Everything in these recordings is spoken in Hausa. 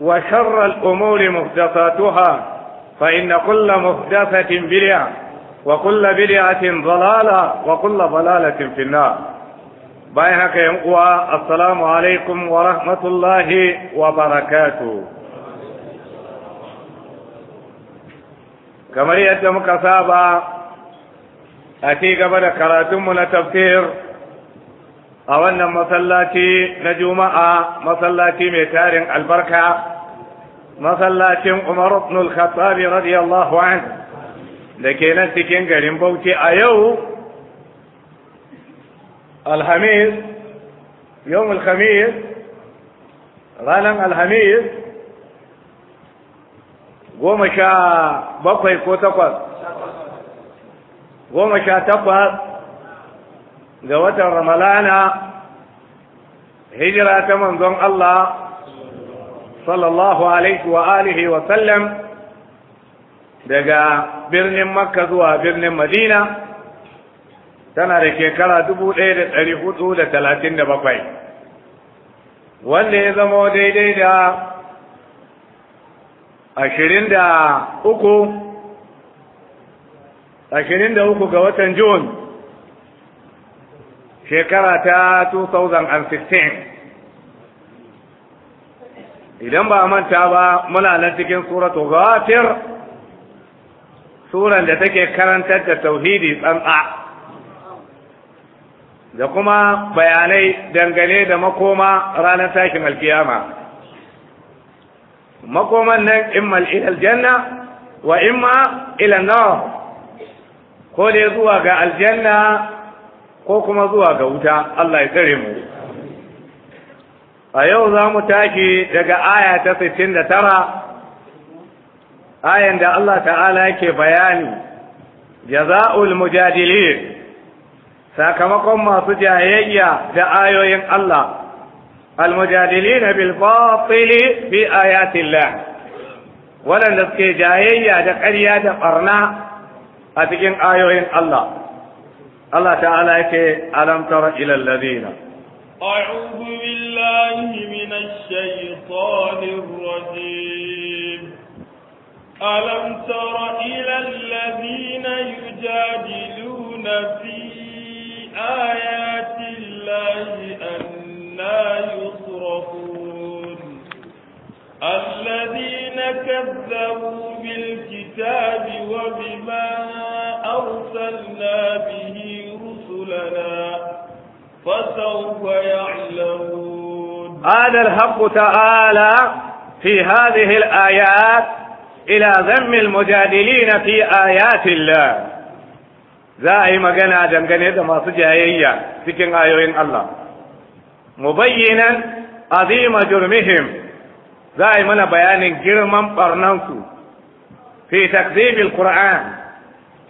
وشر الأمور محدثاتها فإن كل محدثة بدعة وكل بدعة ضلالة وكل ضلالة في النار بينك يمقوى السلام عليكم ورحمة الله وبركاته كما يتمك سابا أتي قبل كراتم تفسير a wannan masallaci na juma'a masallaci mai tarin albarka masallacin umar ibn al-khattab radiyallahu an da ke nan cikin garin bauchi a yau alhamis yau alhamis ranar alhamis goma sha bakwai ko takwas goma sha takwas ga watan ramalana hijira ta manzon Allah sallallahu alaihi wa alihi wa sallam daga birnin makka zuwa birnin madina tana da shekara dubu ɗaya da ɗari hudu da talatin da bakwai wanda ya zama daidai da ashirin da uku ashirin da uku ga watan june shekara ta 2016, idan ba manta ba muna nan cikin suratu ghafir suran da take karantar da tauhidi tsantsa da kuma bayanai dangane da makoma ranar takin alkiyama makoman nan imma ila aljanna wa imma ila nar ko dai zuwa ga aljanna ko kuma zuwa ga wuta Allah ya tsare mu a yau za mu tashi daga aya ta 69 ayan da Allah ta'ala yake bayani jaza'ul mujadilin sakamakon masu jayayya da ayoyin Allah almujadilin bil batili fi ayatillah waɗanda suke jayayya da ƙarya da ɓarna a cikin ayoyin Allah الله تعالى يكي ألم تر إلى الذين أعوذ بالله من الشيطان الرجيم ألم تر إلى الذين يجادلون في آيات الله أنا يصرفون الذين كذبوا بالكتاب وبما أرسلنا به رسلنا فسوف يعلمون هذا الحق تعالى في هذه الآيات إلى ذم المجادلين في آيات الله za a yi magana dangane da masu jayayya cikin ayoyin Allah mubayyinan azima za a yi mana bayanin girman barnansu fi takzibil qur'an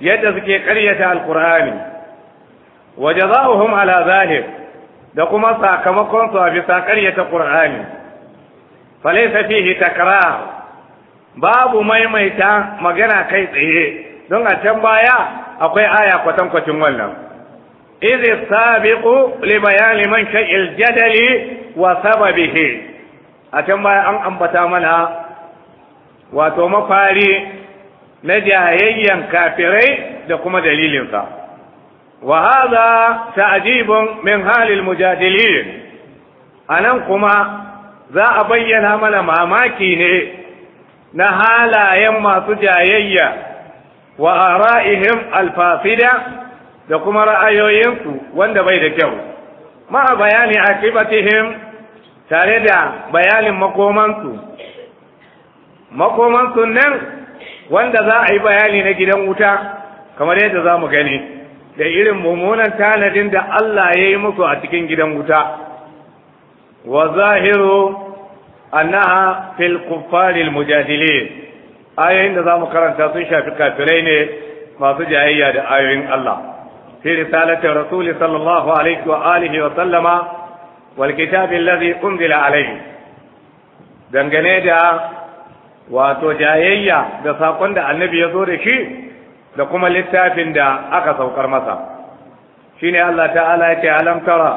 yadda suke ƙaryata alkur'ani wa jazaohum ala zahir da kuma sakamakon su a bisa ƙaryata qur'ani falaysa fihi takrar babu maimaita magana kai tsaye don a can baya akwai aya kwatankwacin wannan idh sabiqu li bayani man shay'il jadali wa sababihi a can baya an ambata mana wato mafari na jayayyan kafirai da kuma dalilinsa wa hadha ta'jibun min halil mujadilin anan kuma za a bayyana mana mamaki ne na halayen masu jayayya wa ara'ihim alfasida da kuma ra'ayoyinsu wanda bai da kyau ma bayani akibatihim tare da bayanin makomansu makomansu nan wanda za a yi bayani na gidan wuta kamar yadda za mu gani da irin mummunan tanadin da Allah ya yi musu a cikin gidan wuta wa zahiru annaha fil kuffaril mujadili. ayoyin da za mu karanta sun shafi kafirai ne masu jayayya da ayoyin Allah fi risalatin rasuli sallallahu alaihi wa alihi wa sallama wal kitabi allazi unzila alayhi dangane da wato jayayya da sakon da annabi ya zo da shi da kuma littafin da aka saukar masa Shin Allah ta'ala yake alam tara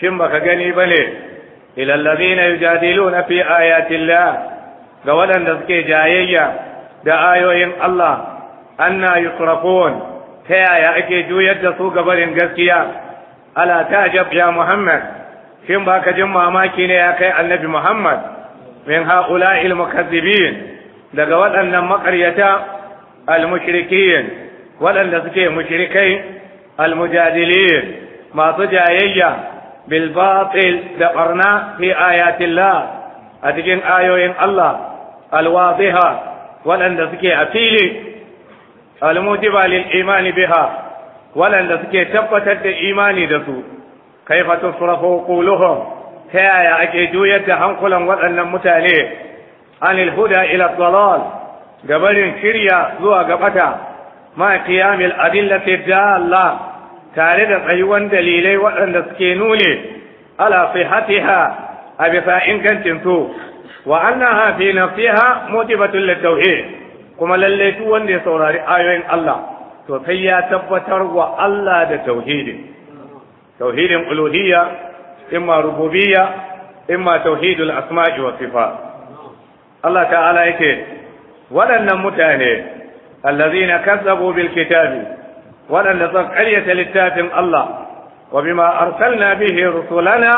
shin baka gani bane ila allazina yujadiluna fi ayati llah ga waɗanda suke jayayya da ayoyin Allah anna yusrafun ta yaya ake juyar da su barin gaskiya ala ta ya muhammad shin ba ka jin mamaki ne ya kai annabi Muhammad min ha'ula ilmukazzibin daga waɗannan maƙaryata almushrikiyin waɗanda suke mushrikai almujadiliyin masu jayayya bil batil da barna fi ayatillah a cikin ayoyin Allah alwadiha waɗanda suke a fili almujiba lil imani biha waɗanda suke tabbatar da imani da su kaifa tusrafu quluhum ta yaya ake juyar da hankulan waɗannan mutane anil huda ila dalal gabarin shirya zuwa gabata ma qiyamil adillati dalla tare da tsayuwan dalilai waɗanda suke nuni, ala sihatiha a bisa ingancin su wa annaha fi nafsiha da tauhid kuma lalle duk wanda ya saurari ayoyin Allah to sai ya tabbatar wa Allah da tauhidi tauhidin uluhiyya imma rububiyya imma tauhidul asma'i wa sifat Allah ta'ala yake waɗannan mutane allazina kazzabu bil kitabi waɗanda sun karyata littafin Allah wa bima arsalna bihi rusulana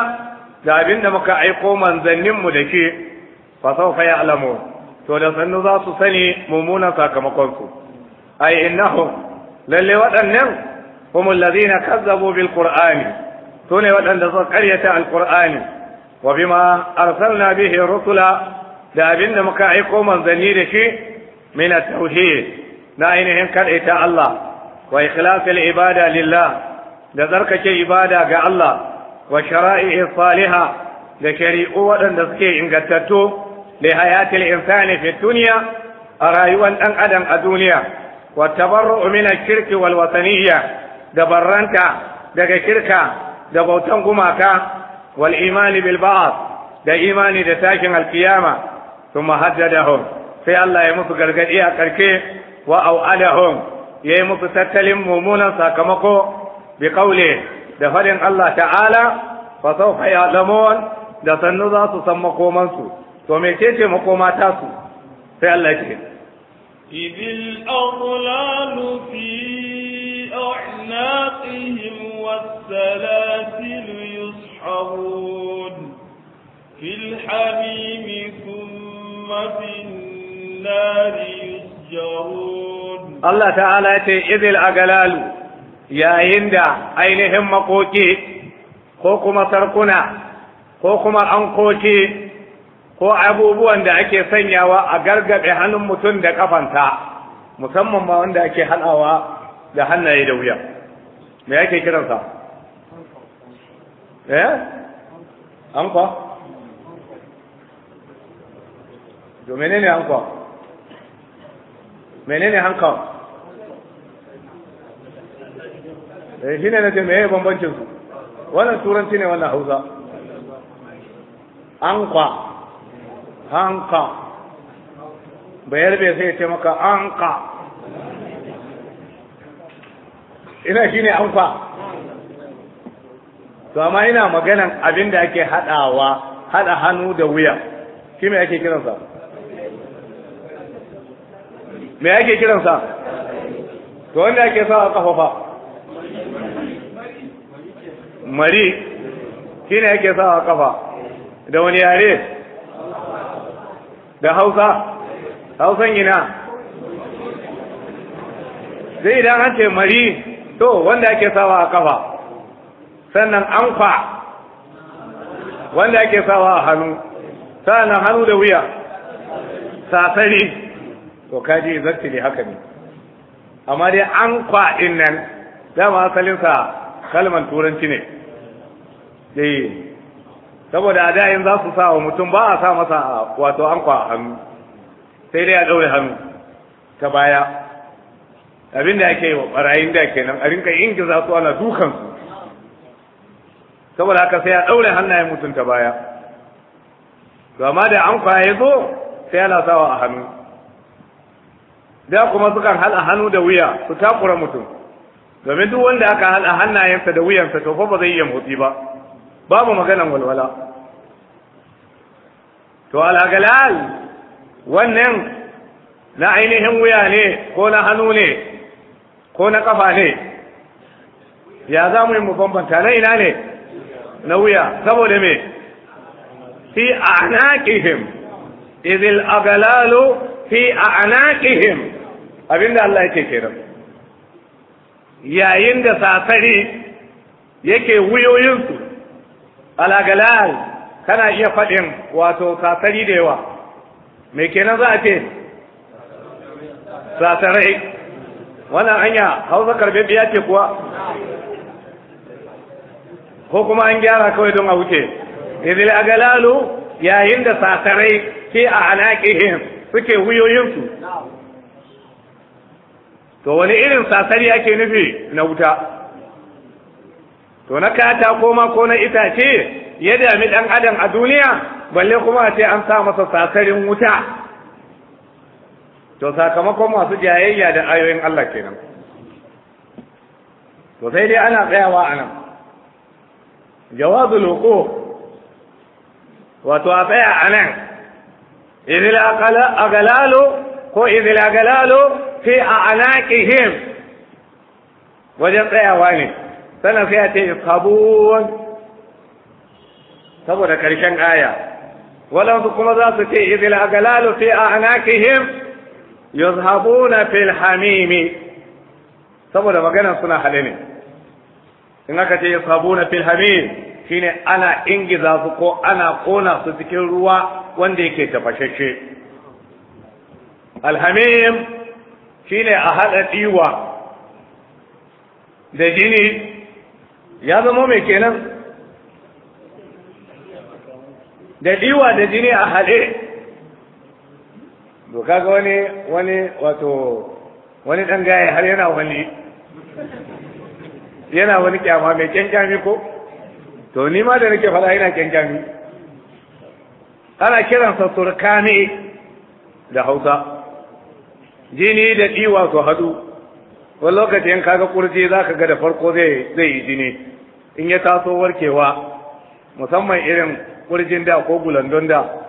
da abinda muka aiko manzanninmu da ke fa sawfa ya'lamu to da sannu za su sani mummunan sakamakonsu ai innahum lalle waɗannan هم الذين كذبوا بالقرآن ثني ولن قرية القرآن وبما أرسلنا به الرسل لا بند مكاعكم شيء من التوحيد لا إن كان الله وإخلاص العبادة لله لذلك شيء عبادة كالله الله وشرائع الصالحة لشريء ولن تسكي إن قتلتو لحياة الإنسان في الدنيا أرايوا أن أدم الدنيا والتبرؤ من الشرك والوطنية da barranta daga shirka da bautan gumaka wal imani bil ba'ath da imani da takin alkiyama thumma haddadahum sai Allah ya musu gargadi a karke wa au'adahum yayi musu tattalin mummunan sakamako bi kaule da faɗin Allah ta'ala fa sawfa ya'lamun da sannu za su san makomansu to mecece makoma ta su sai Allah ya ce ibil aghlalu fi أعناقهم والسلاسل يسحرون في الحميم ثم في النار يسجرون الله تعالى إذ الأقلال يا هند أينهم مقوكي كوكما تركنا كوكما أنقوكي ko abubuwan da ake sanyawa a gargaɗe hannun mutum da kafanta musamman ma wanda ake halawa da hannaye da wuya me yake kiransa eh anfa to menene anfa menene hanka eh shine na ce meye bambancin su wannan turanci ne wannan hausa anka hanka bayar bai sai ya ce maka anka ina shine amfa to amma ina maganan abin da ake haɗawa haɗa hannu da wuya shi me ake kiransa me ake kiransa to wanda ake sa a kafafa mari shi ne ake sa a kafa da wani yare da hausa hausan ina sai idan an ce mari to wanda ake sawa a kafa sannan anfa wanda ake sawa a hannu sannan hannu da wuya sasari to kaji zakti ne haka ne amma dai anfa din nan dama asalinsa kalman turanci ne eh saboda a da'in za su sa wa mutum ba a sa masa wato anfa a hannu sai dai a ɗaure hannu ta baya abin da ake wa barayin da kenan a rinka yin gaza su ana dukan su saboda haka sai ya daure hannayen mutunta baya to amma da an ya zo sai ana sawa a hannu da kuma sukan hal a hannu da wuya su takura mutum domin duk wanda aka hal a hannayensa da wuyansa to fa ba zai iya motsi ba babu maganan walwala to al'agalal wannan na ainihin wuya ne ko na hannu ne ko na kafa ne ya za mu yi mu bambanta na ina ne na wuya saboda me fi a anaqihim izil agalalu fi a anaqihim abinda Allah yake kenan yayin da sasari yake wuyoyinsu alagalal kana iya faɗin wato sasari da yawa mai kenan za a ce sasarai wannan hanya hausa karbe biya ce kuwa ko kuma an gyara kawai don a wuce izil agalalu yayin da satarai ke a alaƙihim suke wuyoyinsu to wani irin sasari ake nufi na wuta to na kata koma ko na itace ya dami ɗan adam a duniya balle kuma a ce an sa masa sasarin wuta to sakamakon masu jayayya da ayoyin Allah kenan to sai dai ana tsayawa a nan jawazul huquq wato a tsaya a nan idil agalalu ko idil agalalu fi a'naqihim wajen tsayawa ne sana sai a ce ishabun saboda karshen aya waɗansu kuma za su ce idil agalalu fi a'naqihim yuzhabuna fil hamimi saboda magana suna hale ne in aka ce yuzhabuna fil hamim shine ana ingiza su ko ana kona su cikin ruwa wanda yake tafashashe hamim shine a hada diwa da jini ya zama mai kenan da diwa da jini a haɗe to kaga wani wani wato wani dan gaya har yana wani yana wani kyama mai kyankyami ko to ni ma da nake faɗa yana kyankyami ana kiransa turkani da hausa jini da ɗiwa su haɗu wani lokacin in kaga kurji za ka ga da farko zai zai yi jini in ya taso warkewa musamman irin kurjin da ko gulandon da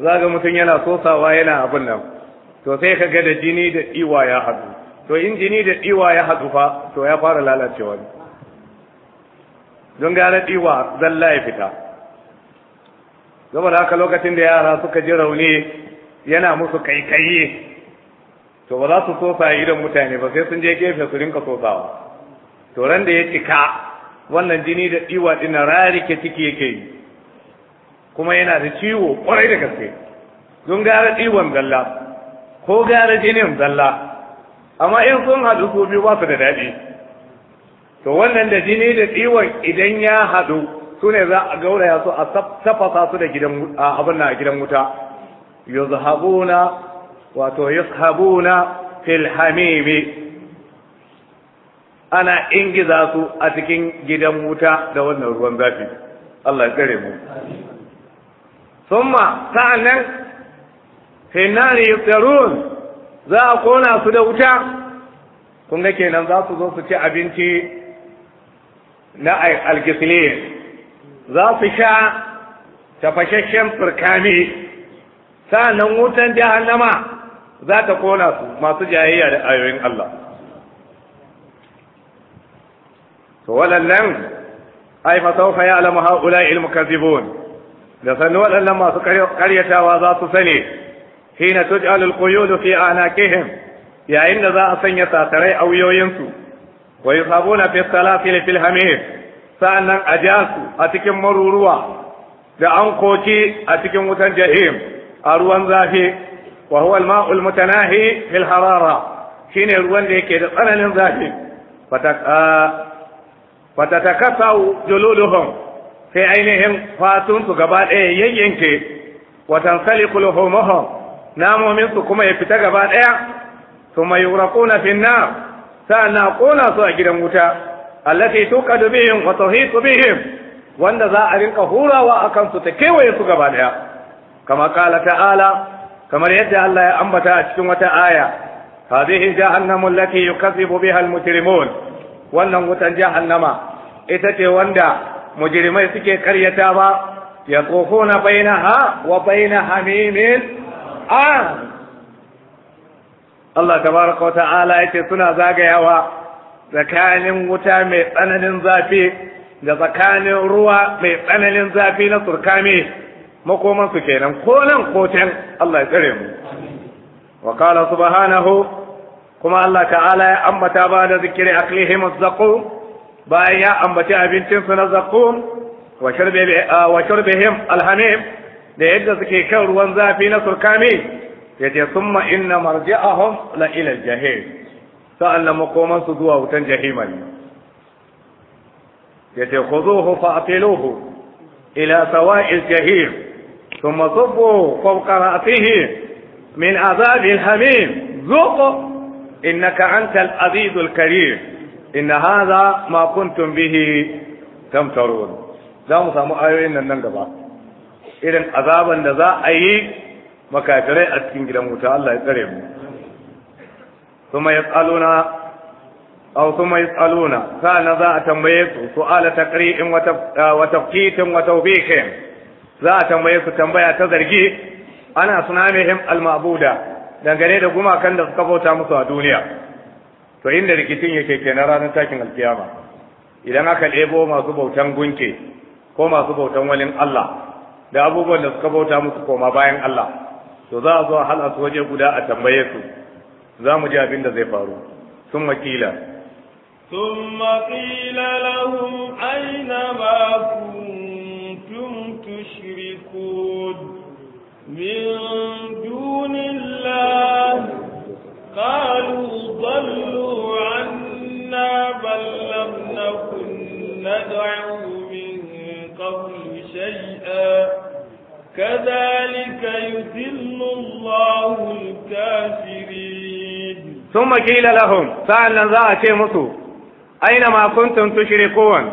za ga mutum yana sosawa yana abin nan to sai ka ga da jini da iwa ya haɗu to in jini da iwa ya haɗu fa to ya fara lalacewa ne don gane iwa zalla ya fita saboda haka lokacin da yara suka ji rauni yana musu kai-kai, to ba za su sosa idan mutane ba sai sun je gefe su rinka sosawa to ran da ya cika wannan jini da iwa ɗin rarike ciki yake yi kuma yana da ciwo kwarai da gaske don gara ɗiwon zalla ko gara jinin zalla amma in sun haɗu su biyu ba su da daɗi to wannan da jini da ɗiwon idan ya haɗu su ne za a gauraya su a tafasa su da gidan abin na gidan wuta yuzhabuna wato yuzhabuna fil hamimi ana ingiza su a cikin gidan wuta da wannan ruwan zafi Allah ya tsare mu summa sa'annan fi nari yuqtarun za a kona su da wuta kun ga kenan za su zo su ci abinci na algisle za su sha tafashashen firkami sa'annan wutan jahannama za ta kona su masu jayayya da ayoyin Allah to waɗannan ai fa sawfa ya'lamu ha'ula'i mukazzibun da sannu waɗannan masu karyatawa za su sani hina tuj'alu al-quyud fi anaqihim yayin da za a sanya satarai a wuyoyinsu wa yusabuna fi salafil fil hamim sa'annan a ja su a cikin maruruwa da ankoki a cikin wutan jahim a ruwan zafi wa huwa al al-mutanahi fil harara shine ruwan da yake da tsananin zafi fatatakasau jululuhum sai ainihin fatunsu gaba ɗaya yayyanke watan salikul homohom namominsu kuma ya fita gaba ɗaya su mai yurakuna finna sa'an na kona su a gidan wuta allati tuqadu bihim wa tuhitu bihim wanda za a rinka hurawa a kansu ta kewaye su gaba ɗaya kama kala ta'ala kamar yadda Allah ya ambata a cikin wata aya hadhihi jahannamu allati yukazzibu biha al-mujrimun wannan wutan jahannama ita ce wanda mujrimai suke karyata ba ya tsofona ha wa baina hamimin an Allah tabaraka wa ta'ala yace suna zagayawa tsakanin wuta mai tsananin zafi da tsakanin ruwa mai tsananin zafi na Makoman makomansu kenan ko nan ko can Allah ya tsare mu wa qala subhanahu kuma Allah ta'ala ya ambata ba da zikiri aklihim az-zaqum bayan ya ambaci abincinsu na zakum wa shurbihim alhamim da yadda suke kan ruwan zafi na surkami ya ce summa inna marji'ahum la ila aljahim jahim sa'annan makoman su zuwa wutan jahima ne ya ce khuzuhu fa atiluhu ila sawa'il jahim thumma subbu fawqa ra'sihi min azabil hamim ذوق إنك أنت العزيز الكريم inna haza ma kuntum bihi tamtarun za mu samu ayoyin nan nan gaba irin azaban da za a yi makafirai a cikin gidan wuta Allah ya tsare mu kuma yasaluna aw kuma yasaluna za a tambaye su su'ala taqri'in wa tafqitin ah, wa tawbiqin za a tambaye su tambaya ta zargi ana sunamihim al-ma'buda dangane da gumakan da suka bauta musu a duniya to inda rikicin yake kenan ranar takin alkiyama idan aka ɗebo masu bautan gunke ko masu bautan walin Allah da abubuwan da suka bauta musu koma bayan Allah to za a zo a hala su waje guda a tambaye su za mu ji abin da zai faru sun makila ثم قيل لهم أين ما كنتم تشركون من دون الله ضلوا عنا بل لم نكن ندعو من قبل شيئا كذلك يذل الله الكافرين ثم قيل لهم سألنا ذا شيء مصو أينما كنتم تشركون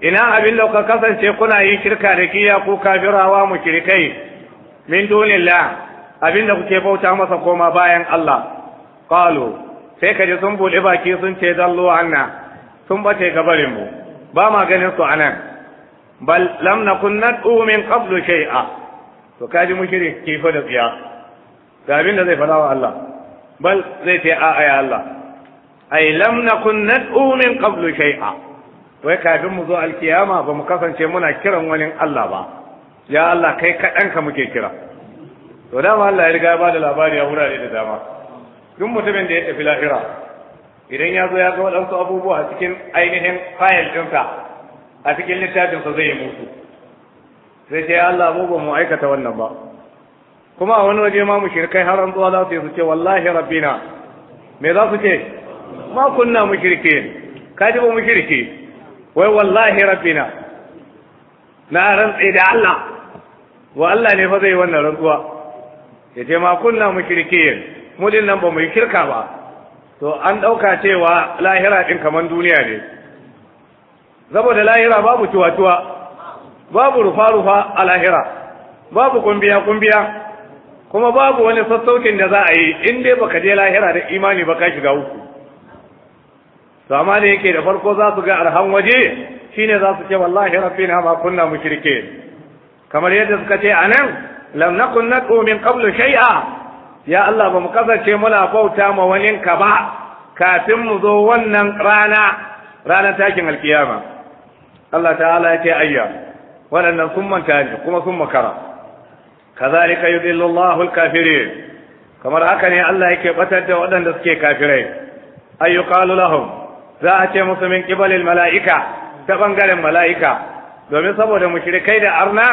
ina abin da kuka kasance kuna yin shirka da kiya ko kafirawa mushrikai min dunillah abin da kuke bauta masa koma bayan Allah qalu sai ka ji sun buɗe baki sun ce zallo anna sun bace gabarin mu ba ma ganin su anan bal lam nakun nad'u min qablu shay'a to kaji mushrik fa da tsiya ga abin da zai faɗa wa Allah bal zai ce a'a ya Allah ai lam nakun nad'u min qablu shay'a wai kafin mu zo alkiyama ba mu kasance muna kiran wani Allah ba ya Allah kai kaɗan ka muke kira to dama Allah ya riga ya ba da labari a wurare da dama duk mutumin da ya tafi lahira idan ya zo ya ga waɗansu abubuwa a cikin ainihin fayil ɗinsa a cikin littafinsa zai yi mutu sai ce Allah mu ba mu aikata wannan ba kuma a wani waje ma mu shirkai har an tsuwa za su yi su ce wallahi rabbina me za su ce ma kunna mu shirke ka ji ba mu shirke wai wallahi rabbina na rantsi da Allah wa Allah ne fa zai wannan rantsuwa ya ce ma kunna mu shirke mudin nan ba mu yi kirka ba to an ɗauka cewa lahira ɗin kamar duniya ne saboda lahira babu tuwa-tuwa babu rufa-rufa a lahira babu kumbiya-kumbiya kuma babu wani sassaucin da za a yi in dai baka je lahira da imani ba ka shiga uku to amma da yake da farko za su ga arhan waje shine za su ce wallahi rabbina ma kunna mushrike kamar yadda suka ce anan lam nakun nad'u min qablu shay'a ya Allah ba mu kasance muna bauta ma wani ka ba kafin mu zo wannan rana ranar takin alkiyama Allah ta'ala ya ce ayya waɗannan sun manta ne kuma sun makara kazalika yudillu Allahu al-kafirin kamar haka ne Allah yake batar da waɗanda suke kafirai ayyuqalu lahum za a ce musu min qibalil mala'ika ta bangaren mala'ika domin saboda mushrikai da arna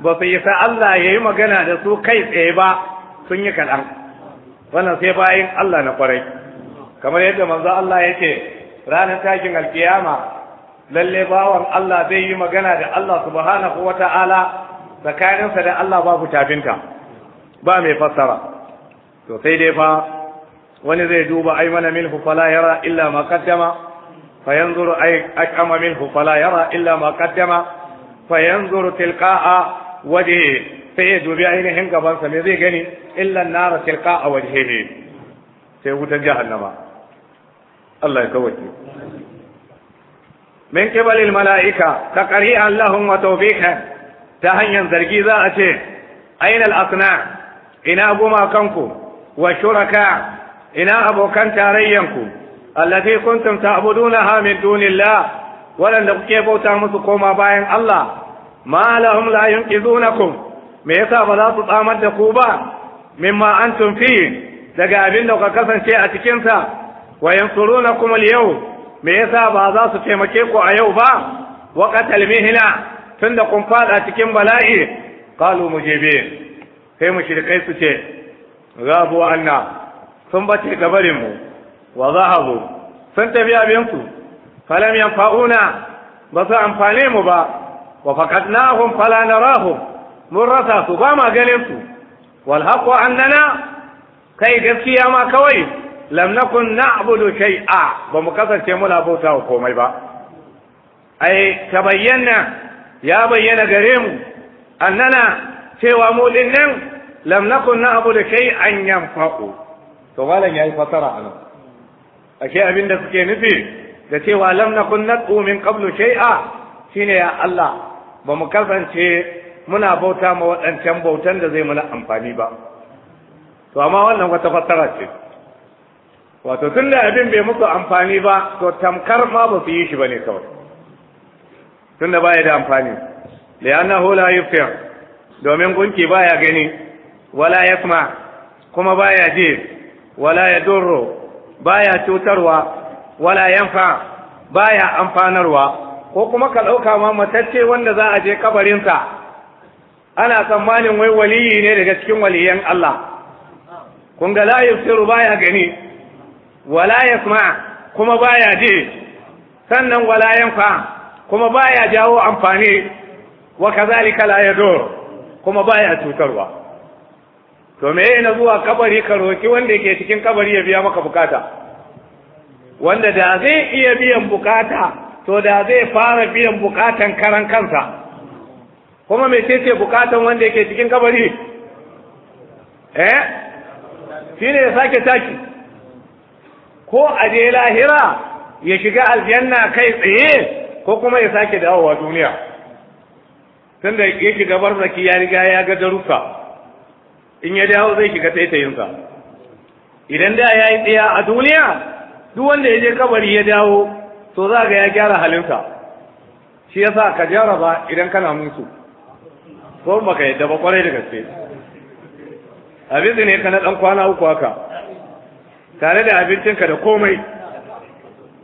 ba su yi sa Allah yayi magana da su kai tsaye ba sun yi kaɗan wannan sai bayan Allah na kwarai kamar yadda manzo Allah ya ce ranar takin alkiyama lalle bawan Allah zai yi magana da Allah subhanahu wa ta'ala tsakaninsa da Allah babu tafinta ba mai fassara to sai dai fa wani zai duba ai mana milhu fala yara illa ma qaddama fa yanzuru ay akama milhu fala yara illa ma qaddama fa yanzuru tilqa'a wajhi sai ya dubi ainihin gabansa me zai gani illa nara tilqa a wajhihi sai wutar jahannama Allah ya kawace min qibali malaika taqri'an lahum wa tawbihan ta hanyar zargi za a ce aina al-asna ina goma kanku wa shuraka ina abokan tarayyanku allati kuntum ta'budunaha min dunillah waɗanda kuke bauta musu koma bayan Allah ma lahum la yunqizunakum me yasa ba za su tsamar da ku ba mimma an fi daga abin da kuka kasance a cikin sa wa yansurunakum al yau me yasa ba za su taimake ku a yau ba wa qatal mihla tunda kun fada cikin bala'i qalu mujibin sai mu mushrikai su ce gabu anna sun bace gabarin mu wa zahabu sun tafi abin su falam yanfa'una ba su amfane mu ba wa faqadnahum fala narahum mun rasa su ba ma ganin su wal haqu annana kai gaskiya ma kawai lam nakun na'budu shay'a ba mu kasance muna bauta wa komai ba ai ta bayyana ya bayyana gare mu annana cewa mu din nan lam nakun na'budu shay'an yanfa'u to malam yayi fasara anan ashe abin da suke nufi da cewa lam nakun nad'u min qablu shay'a shine ya Allah ba mu kasance muna bauta ma waɗancan bautan da zai mana amfani ba to amma wannan wata fassara ce wato tun da abin bai muku amfani ba to tamkar ma ba su yi shi ba kawai tun da baya da amfani yana la yufir domin gunki baya gani wala yasma kuma baya ji wala yadurru baya cutarwa wala yanfa baya amfanarwa ko kuma ka ɗauka ma matacce wanda za a je kabarinsa ana tsammanin wai waliyi ne daga cikin waliyan Allah kun ga la yusiru baya gani wala yasma kuma baya ji sannan wala yanfa kuma baya jawo amfani wa kazalika la yado kuma baya cutarwa to me yana zuwa kabari ka roki wanda yake cikin kabari ya biya maka bukata wanda da zai iya biyan bukata to da zai fara biyan bukatan karan kansa kuma ce bukatan wanda yake cikin kabari eh shi ne ya sake taki ko a je lahira ya shiga aljanna kai tsaye ko kuma ya sake dawowa duniya da ya shiga barzaki ya riga ya ga daruka in ya dawo zai shiga taitayinsa idan da ya yi tsaya a duniya duk wanda ya je kabari ya dawo to za ga ya gyara halinsa shi yasa ka jaraba idan kana musu ko maka yadda ba kwarai da gaske abinci ne ka na dan kwana uku haka tare da abincinka da komai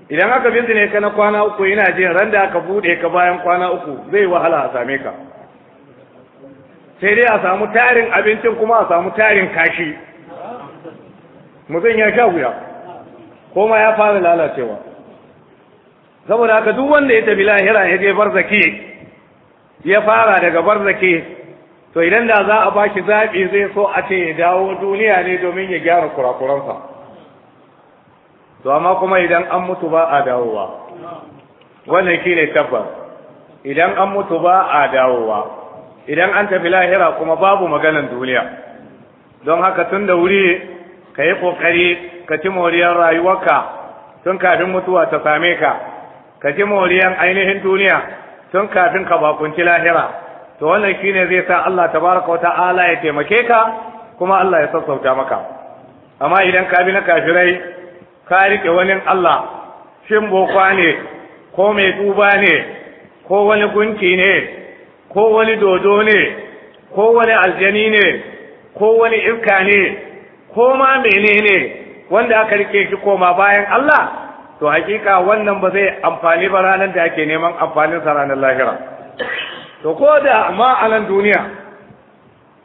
idan aka binci ne ka na kwana uku yana jin ran da aka bude ka bayan kwana uku zai wahala a same ka sai dai a samu tarin abincin kuma a samu tarin kashi mutum ya sha wuya koma ya fara lalacewa saboda haka duk wanda ya tafi lahira ya je barzaki ya fara daga barzake to idan da za a ba shi zaɓi zai so a ce ya dawo duniya ne domin ya gyara kurakuransa to amma kuma idan an mutu ba a dawowa wannan shi ne tabbas idan an mutu ba a dawowa idan an tafi lahira kuma babu maganan duniya don haka tun da wuri ka yi ƙoƙari ka ci moriyar rayuwarka tun kafin mutuwa ta same ka ka ci moriyar ainihin duniya tun kafin ka bakunci lahira to wannan shine zai sa Allah tabaraka wa ta'ala ya taimake ka kuma Allah ya sassauta maka amma idan ka bi na kafirai ka rike wani Allah shin bokwa ne ko mai duba ne ko wani gunki ne ko wani dodo ne ko wani aljani ne ko wani iska ne ko ma menene wanda aka rike shi koma bayan Allah to hakika wannan ba zai amfani ba ranar da ake neman amfanin sa ranar lahira to ko da ma a nan duniya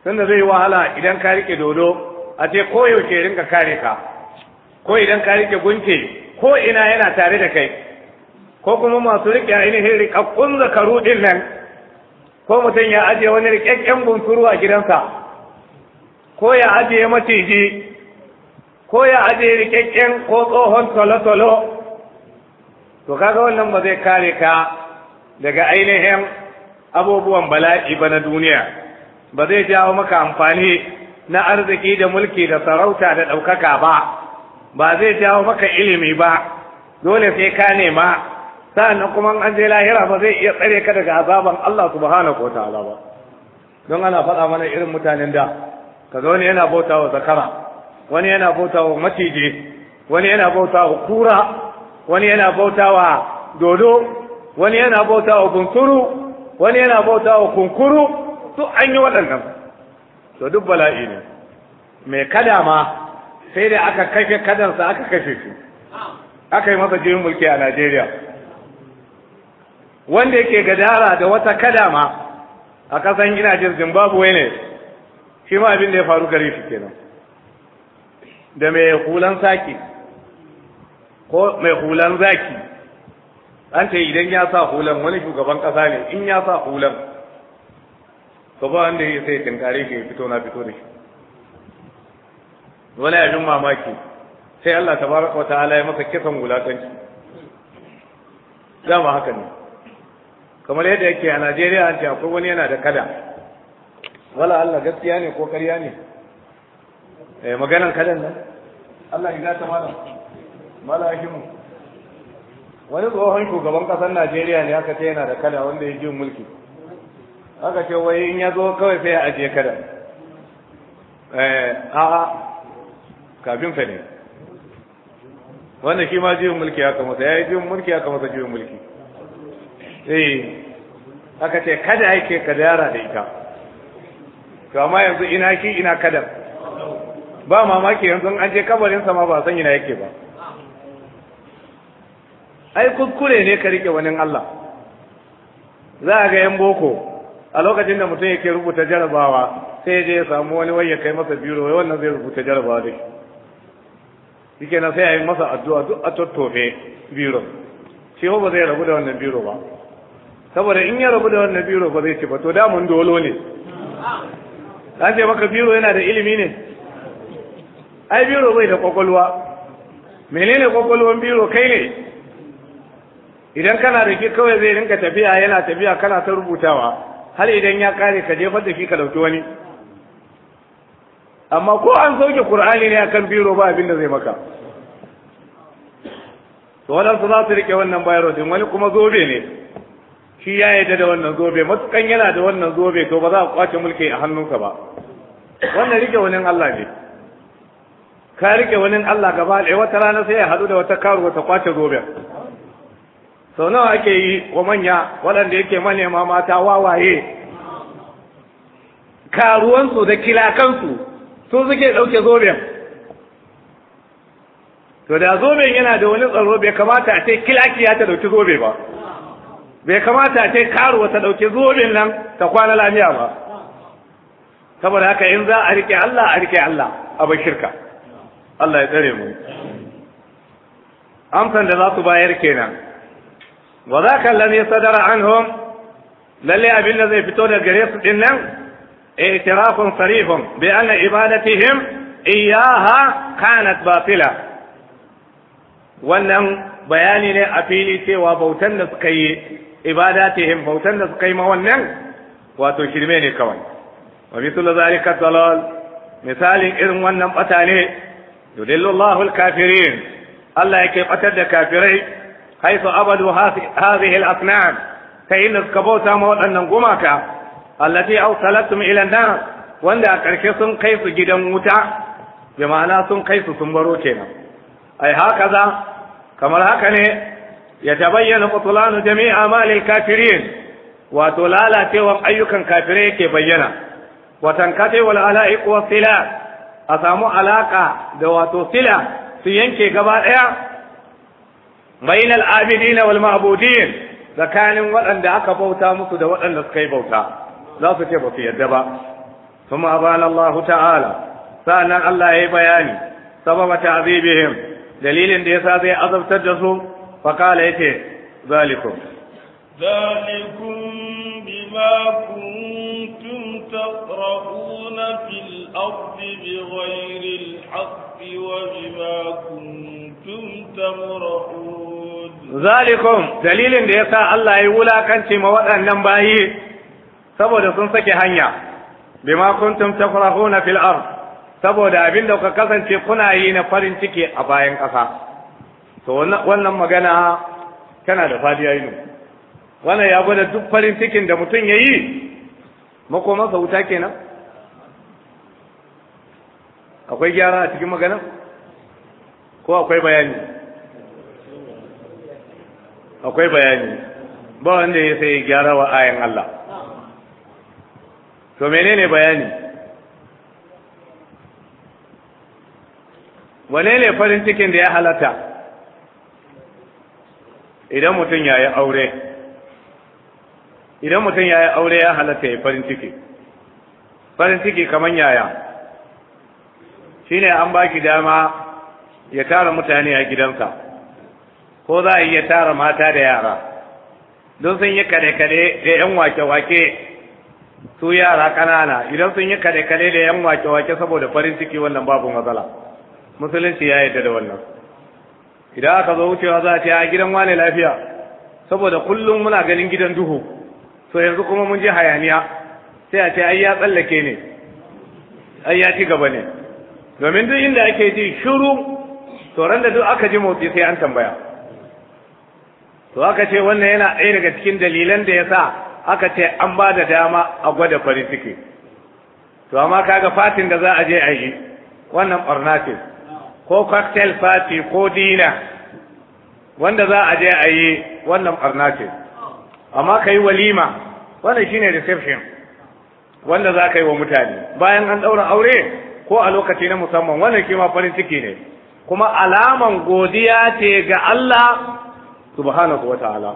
tunda zai yi wahala idan ka rike dodo a ce ko yaushe rinka kare ka ko idan ka rike gunke ko ina yana tare da kai ko kuma masu rike ainihin rikakkun zakaru din nan ko mutum ya ajiye wani rikakken bunturu a gidansa ko ya ajiye maciji ko ya ajiye rikakken ko tsohon tolo-tolo. to kaga wannan ba zai kare ka daga ainihin abubuwan bala'i ba na duniya ba zai jawo maka amfani na arziki da mulki da sarauta da ɗaukaka ba ba zai jawo maka ilimi ba dole sai ka nema sa'annan kuma an je lahira ba zai iya tsare ka daga azaban Allah subhanahu wa ta'ala ba don ana faɗa mana irin mutanen da kaga wani yana bauta zakara wani yana bauta maciji wani yana bautawa kura wani yana bautawa dodo wani yana bautawa kunkuru wani yana bautawa kunkuru duk an yi waɗannan to duk bala'i ne mai kada ma sai da aka kashe kadansa aka kashe shi aka yi masa jirin mulki a Najeriya wanda yake gadara da wata kada ma a kasan ina jin Zimbabwe ne shi ma abin da ya faru gare shi kenan da mai hulan saki ko mai hulan zaki an ce idan ya sa hulan wani shugaban kasa ne in ya sa hulan to ba wanda ya sai tinkare ke fito na fito da shi wani abin mamaki sai Allah baraka wa ta'ala ya masa kisan Za dama haka ne kamar yadda yake a Najeriya an ce akwai wani yana da kada wala Allah gaskiya ne ko karya ne eh, maganan kadan nan Allah ya gata malam malahimu wani tsohon shugaban kasar najeriya ne aka ce yana da kada wanda ya jin mulki aka ce wai in ya zo kawai sai ya ajiye kada eh, a'a kafin fa ne wanda shi ma juyin mulki aka masa ya yi juyin mulki aka masa juyin mulki eh aka ce kada yake kada yara da ita to amma yanzu ina ki ina kada ba mamaki yanzu an je kabarin sa ma ba san ina yake ba ai kuskure ne ka rike wani Allah za a ga yan boko a lokacin da mutum yake rubuta jarabawa sai ya je ya samu wani wai ya kai masa biro wai wannan zai rubuta jarabawa dai shike na sai a yi masa addu'a duk a tattofe biro shi ba zai rabu da wannan biro ba saboda in ya rabu da wannan biro ba zai ci ba to da mun dolo ne an ce maka biro yana da ilimi ne ai biro bai da kwakwalwa menene kwakwalwan biro kai ne idan kana da shi kawai zai rinka tafiya yana tafiya kana ta rubutawa har idan ya kare ka jefar da shi ka dauki wani amma ko an sauke qur'ani ne akan biro ba abin da zai maka to wadansu za su rike wannan bayarwa din wani kuma zobe ne shi ya yadda da wannan zobe matukan yana da wannan zobe to ba za a kwace mulki a hannunka ba wannan rike wani Allah ne ka rike wani Allah gaba ɗaya wata rana sai ya haɗu da wata karuwa ta kwace zoben sau nawa ake yi wa manya waɗanda yake manema mata wawaye karuwansu da kilakansu su suke ɗauke zoben to da zoben yana da wani tsaro bai kamata a ce kilakiya ta ɗauki zobe ba bai kamata a ce karuwa ta ɗauki zoben nan ta kwana lamiya ba saboda haka in za a rike Allah a rike Allah a bai shirka Allah ya tsare mu amsan da za su bayar kenan وذاك الذي صدر عنهم للي أبي الذي يفتون الجريس إنهم اعتراف صريح بأن عبادتهم إياها كانت باطلة وأنهم بيان أفيلتي وبوتن نسقي عباداتهم بوتن نسقي مولن وتشرمين الكون ومثل ذلك الضلال مثال إذن وأنهم أتاني يذل الله الكافرين الله يكيف قتل كافرين حيث عبدوا هذه الأصنام كإن سكبوتا موضعنا قماكا التي أوصلتهم إلى النار وأن أكركسهم كيف جدا متع بمعنى سن كيف سنبروكنا أي هكذا كما هكذا يتبين بطلان جميع أعمال الكافرين وتلالا سوى أيكا كافرين كبينا وتنكتب العلائق والصلة أسامو علاقة دواتو صلة سينكي قبل bainal abidina wal ma'budin tsakanin waɗanda aka bauta musu da waɗanda suka yi bauta za su ce ba su yadda ba kuma abana Allah ta'ala sa'annan Allah ya yi bayani sababa ta'zibihim dalilin da yasa zai azabtar da su fa kala yace zalikum zalikum bima kuntum تفرحون في الأرض بغير الحق وبما كنتم تمرحون ذلكم دليل يسا الله يولا كانت موضع نمباهي saboda sun sake hanya كنتم kuntum في الأرض سبود saboda abin da kuka kasance kuna yi na farin ciki a bayan ƙasa to wannan magana tana da fadiya yi wannan ya gwada duk farin cikin da mutum ya yi makomansa wuta kenan akwai gyara a cikin magana ko akwai bayani akwai bayani ba wanda ya sai gyara wa ayin Allah to menene bayani wane ne farin cikin da ya halatta idan mutum ya yi aure idan mutum ya yi aure ya halatta ya farin ciki farin ciki kamar yaya shine an baki dama ya tara mutane a gidansa ko za a iya tara mata da yara don sun yi kare-kare da yan wake-wake su yara ƙanana idan sun yi kare-kare da yan wake-wake saboda farin ciki wannan babu matsala musulunci ya yarda da wannan idan aka zo wucewa za a ce a gidan wane lafiya saboda kullum muna ganin gidan duhu so yanzu kuma mun ji hayaniya sai a ce ai ya tsallake ne ai ya ci gaba ne domin duk inda ake ji shiru to ran da duk aka ji motsi sai an tambaya to aka ce wannan yana ɗaya daga cikin dalilan da ya sa aka ce an ba da dama a gwada farin ciki to amma kaga fatin da za a je a yi wannan ornate ko cocktail party ko dina wanda za a je a yi wannan ornate amma ka yi walima wannan ne reception wanda za ka yi wa mutane bayan an ɗaura aure ko a lokaci na musamman wannan kima farin ciki ne kuma alaman godiya ce ga Allah subhanahu wa ta'ala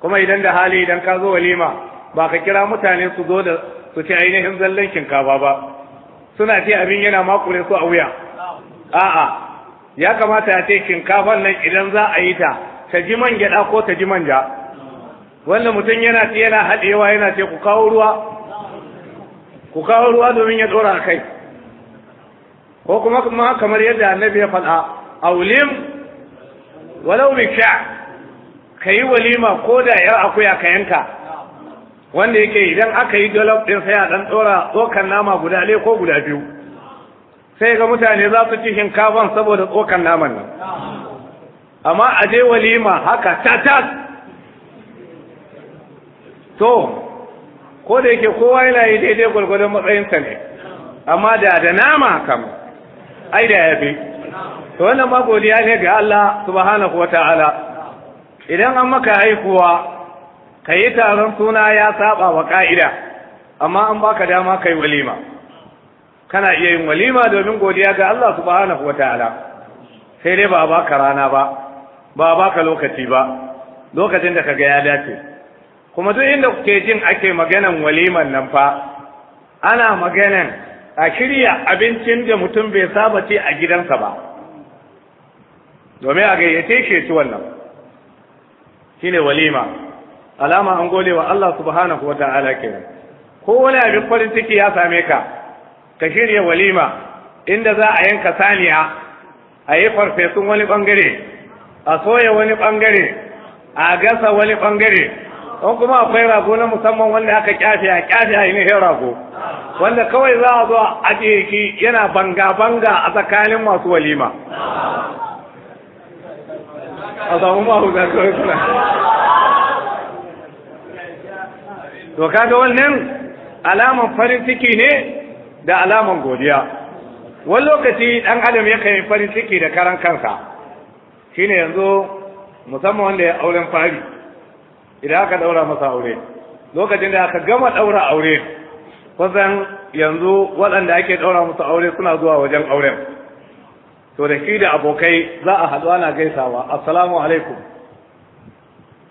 kuma idan da hali idan ka zo walima ba ka kira mutane su zo da su ci ainihin zallan shinkafa ba suna ce abin yana makure su a wuya a'a ya kamata a ce shinkafan nan idan za a yi ta ta ji man gyada ko ta ji manja Wannan mutum yana ce yana haɗewa yana ce ku kawo ruwa ku kawo ruwa domin ya tsora kai ko kuma kuma kamar yadda annabi ya faɗa wulim walau bi sha ka yi walima ko da yar akuya ka yanka wanda yake idan aka yi jollof ɗin sai a ɗan tsora tsokan nama guda ɗaya ko guda biyu sai ga mutane za su ci shinkafan saboda tsokan naman nan amma a je walima haka tatas to ko da yake kowa yana yi daidai gwargwadon matsayinsa ne amma da da nama kam ai da yafi to wannan ma godiya ne ga Allah subhanahu wa ta'ala idan an maka haihuwa ka yi taron suna ya saba wa ka'ida amma an baka dama kai walima kana iya yin walima domin godiya ga Allah subhanahu wa ta'ala sai dai ba a baka rana ba ba a baka lokaci ba lokacin da ka ga ya dace kuma duk inda kuke jin ake maganan waliman nan fa ana maganan a shirya abincin da mutum bai saba ci a gidansa ba domin a gayyace shi ci wannan shine walima alama an gode wa Allah subhanahu wata'ala ke kenan ko wani abin farin ciki ya same ka ka shirya walima inda za a yanka saniya a yi farfesun wani bangare a soya wani bangare a gasa wani bangare don kuma akwai rago na musamman wanda aka kyafe a kyafe a yi rago wanda kawai za a zo a ki yana banga-banga a tsakanin masu walima a samu mahu za kawai suna to kaga wannan alaman farin ciki ne da alaman godiya wani lokaci ɗan adam ya kai farin ciki da karan kansa shine yanzu musamman wanda ya auren fari idan aka daura masa aure lokacin da aka gama daura aure kusan yanzu waɗanda ake daura musu aure suna zuwa wajen auren to da shi da abokai za a haɗu ana gaisawa assalamu alaikum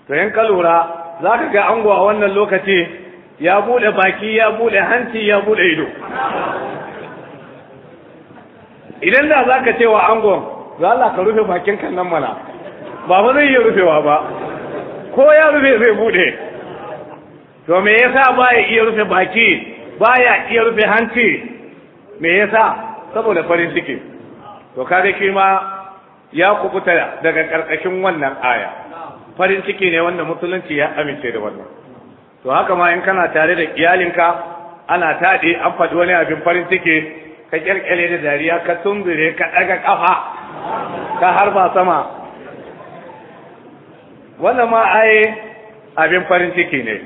to in ka lura za ka ga ango a wannan lokaci ya buɗe baki ya buɗe hanci ya buɗe ido idan da za ka ce wa angon za Allah ka rufe bakin kan nan mana ba ba zai iya rufewa ba ko ya rufe zai bude to me yasa baya iya rufe baki baya iya rufe hanci me yasa saboda farin ciki to kaga shi ma ya kubuta daga karkashin wannan aya farin ciki ne wanda musulunci ya amince da wannan to haka ma in kana tare da iyalinka ana taɗi an faɗi wani abin farin ciki ka kyalkyale da dariya ka tumbure ka ɗaga ƙafa ka harba sama wannan ma ai abin farin ciki ne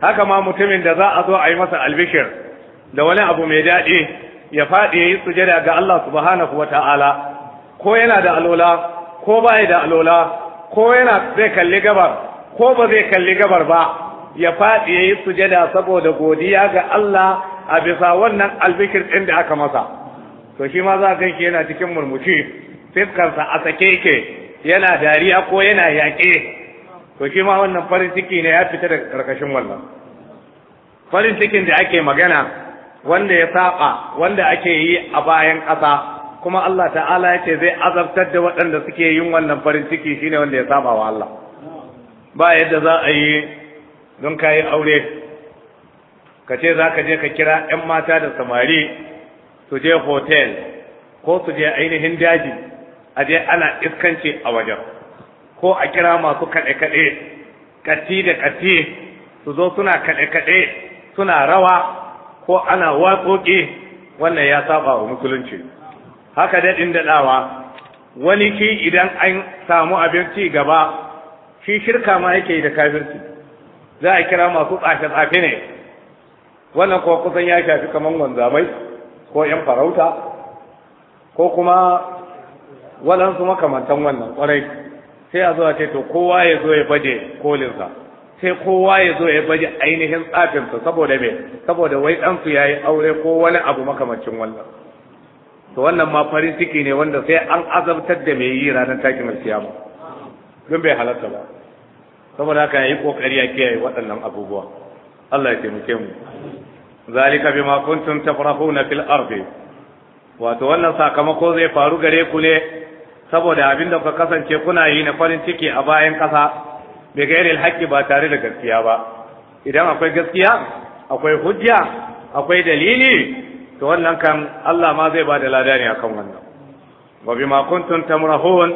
haka ma mutumin da za a zo a yi masa albishir da wani abu mai daɗi ya faɗi ya yi sujada ga Allah subhanahu wa ta'ala ko yana da alola ko ba da alola ko yana zai kalli gabar ko ba zai kalli gabar ba ya faɗi ya yi sujada saboda godiya ga Allah a bisa wannan albishir ɗin da aka masa to shi ma za a ganshi yana cikin murmushi fiskarsa a sake yake yana dariya ko yana yaƙe to shi ma wannan farin ciki ne ya fita daga karkashin wannan farin cikin da ake magana wanda ya saba wanda ake yi a bayan ƙasa kuma Allah ta'ala ya ce zai azabtar da waɗanda suke yin wannan farin ciki shine wanda ya saba wa Allah ba yadda za a yi don kayi aure ka ce za ka je ka kira 'yan mata da samari su je hotel ko su je ainihin daji a je ana iskance a wajen ko a kira masu kaɗe-kaɗe kati da kati su zo suna kaɗe-kaɗe suna rawa ko ana waƙoƙi wannan ya saba wa musulunci haka daɗin daɗawa wani shi idan an samu abinci gaba shi shirka ma yake da kafirci za a kira masu tsafe-tsafe ne wannan ko kusan ya shafi kamar wanzamai ko 'yan farauta ko kuma waɗansu makamantan wannan ƙwarai sai a zuwa ce to kowa ya zo ya baje kolinsa sai kowa ya zo ya baje ainihin tsafinsa saboda me saboda wai ɗansu ya yi aure ko wani abu makamancin wannan to wannan ma farin ciki ne wanda sai an azabtar da mai yi ranar takin alkiyama don bai halatta ba saboda haka ya yi ƙoƙari ya kiyaye waɗannan abubuwa Allah ya taimake mu zalika bima kuntum tafrahuna fil ardi wato wannan sakamako zai faru gare ku ne saboda abin da kuka kasance kuna yi na farin ciki a bayan kasa, bai gairi haƙƙi ba tare da gaskiya ba idan akwai gaskiya akwai hujja akwai dalili to wannan kan Allah ma zai ba da lada ne akan wannan wa ma kuntum tamrahun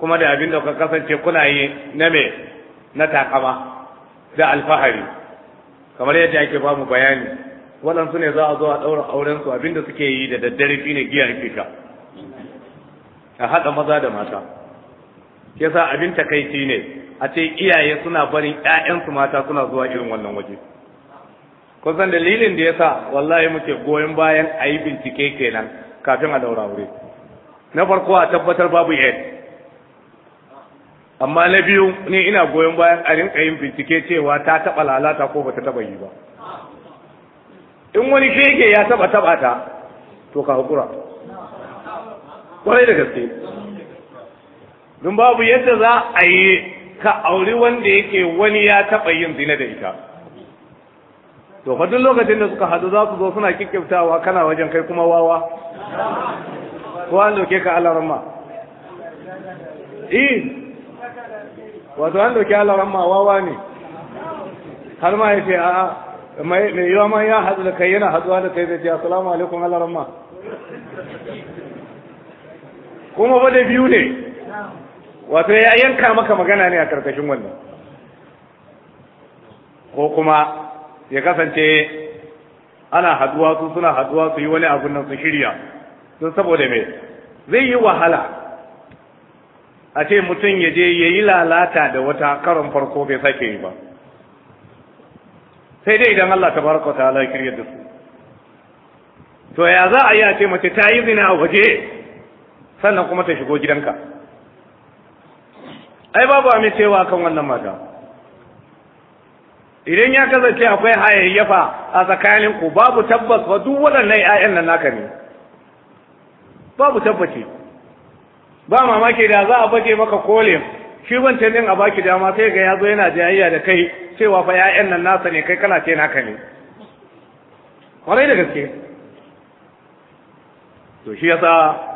kuma da abin da kuka kasance kuna yi na me na takama da alfahari kamar yadda ake ba mu bayani waɗansu ne za a zo a ɗaura aurensu abinda suke yi da daddare shine giya fika a haɗa maza da mata yasa abin takaici ne a ce iyaye suna barin 'ya'yansu mata suna zuwa irin wannan waje kusan dalilin da yasa wallahi muke goyon bayan a yi bincike kenan kafin a daura wuri? na farko a tabbatar babu yadda amma na biyu ni ina goyon bayan a rinka yin bincike cewa ta taɓa lalata ko bata taɓa yi ba in wani fege ya taɓa taɓa ta to ka haƙura kwarai da gaske don babu yadda za a yi ka auri wanda yake wani ya taɓa yin zina da ita to fa duk lokacin da suka hadu za su zo suna kikkiftawa kana wajen kai kuma wawa ko an doke ka alaramma eh wato an doke alaramma wawa ne har ma ya ce a'a mai yawa ma ya hadu da kai yana haɗuwa da kai zai ce assalamu alaikum alaramma kuma ba da biyu ne wato ya yanka maka magana ne a karkashin wannan ko kuma ya kasance ana haduwa su suna haduwa su yi wani abun nan su shirya don saboda me zai yi wahala a ce mutum ya je ya yi lalata da wata karon farko bai sake yi ba sai dai idan Allah ta baraka ta ya kirya da su to ya za a yi a ce mace ta yi zina a waje sannan kuma ta shigo gidanka ai babu amincewa kan wannan mata idan ya kasance akwai hayayyafa a tsakanin ku babu tabbas ba duk waɗannan 'ya'yan nan naka ne babu tabbaci ba mamaki da za a baje maka kolin shi wancan din a baki dama sai ga yazo yana jayayya da kai cewa fa 'ya'yan nan nasa ne kai kana ce naka ne kwarai da gaske to shi yasa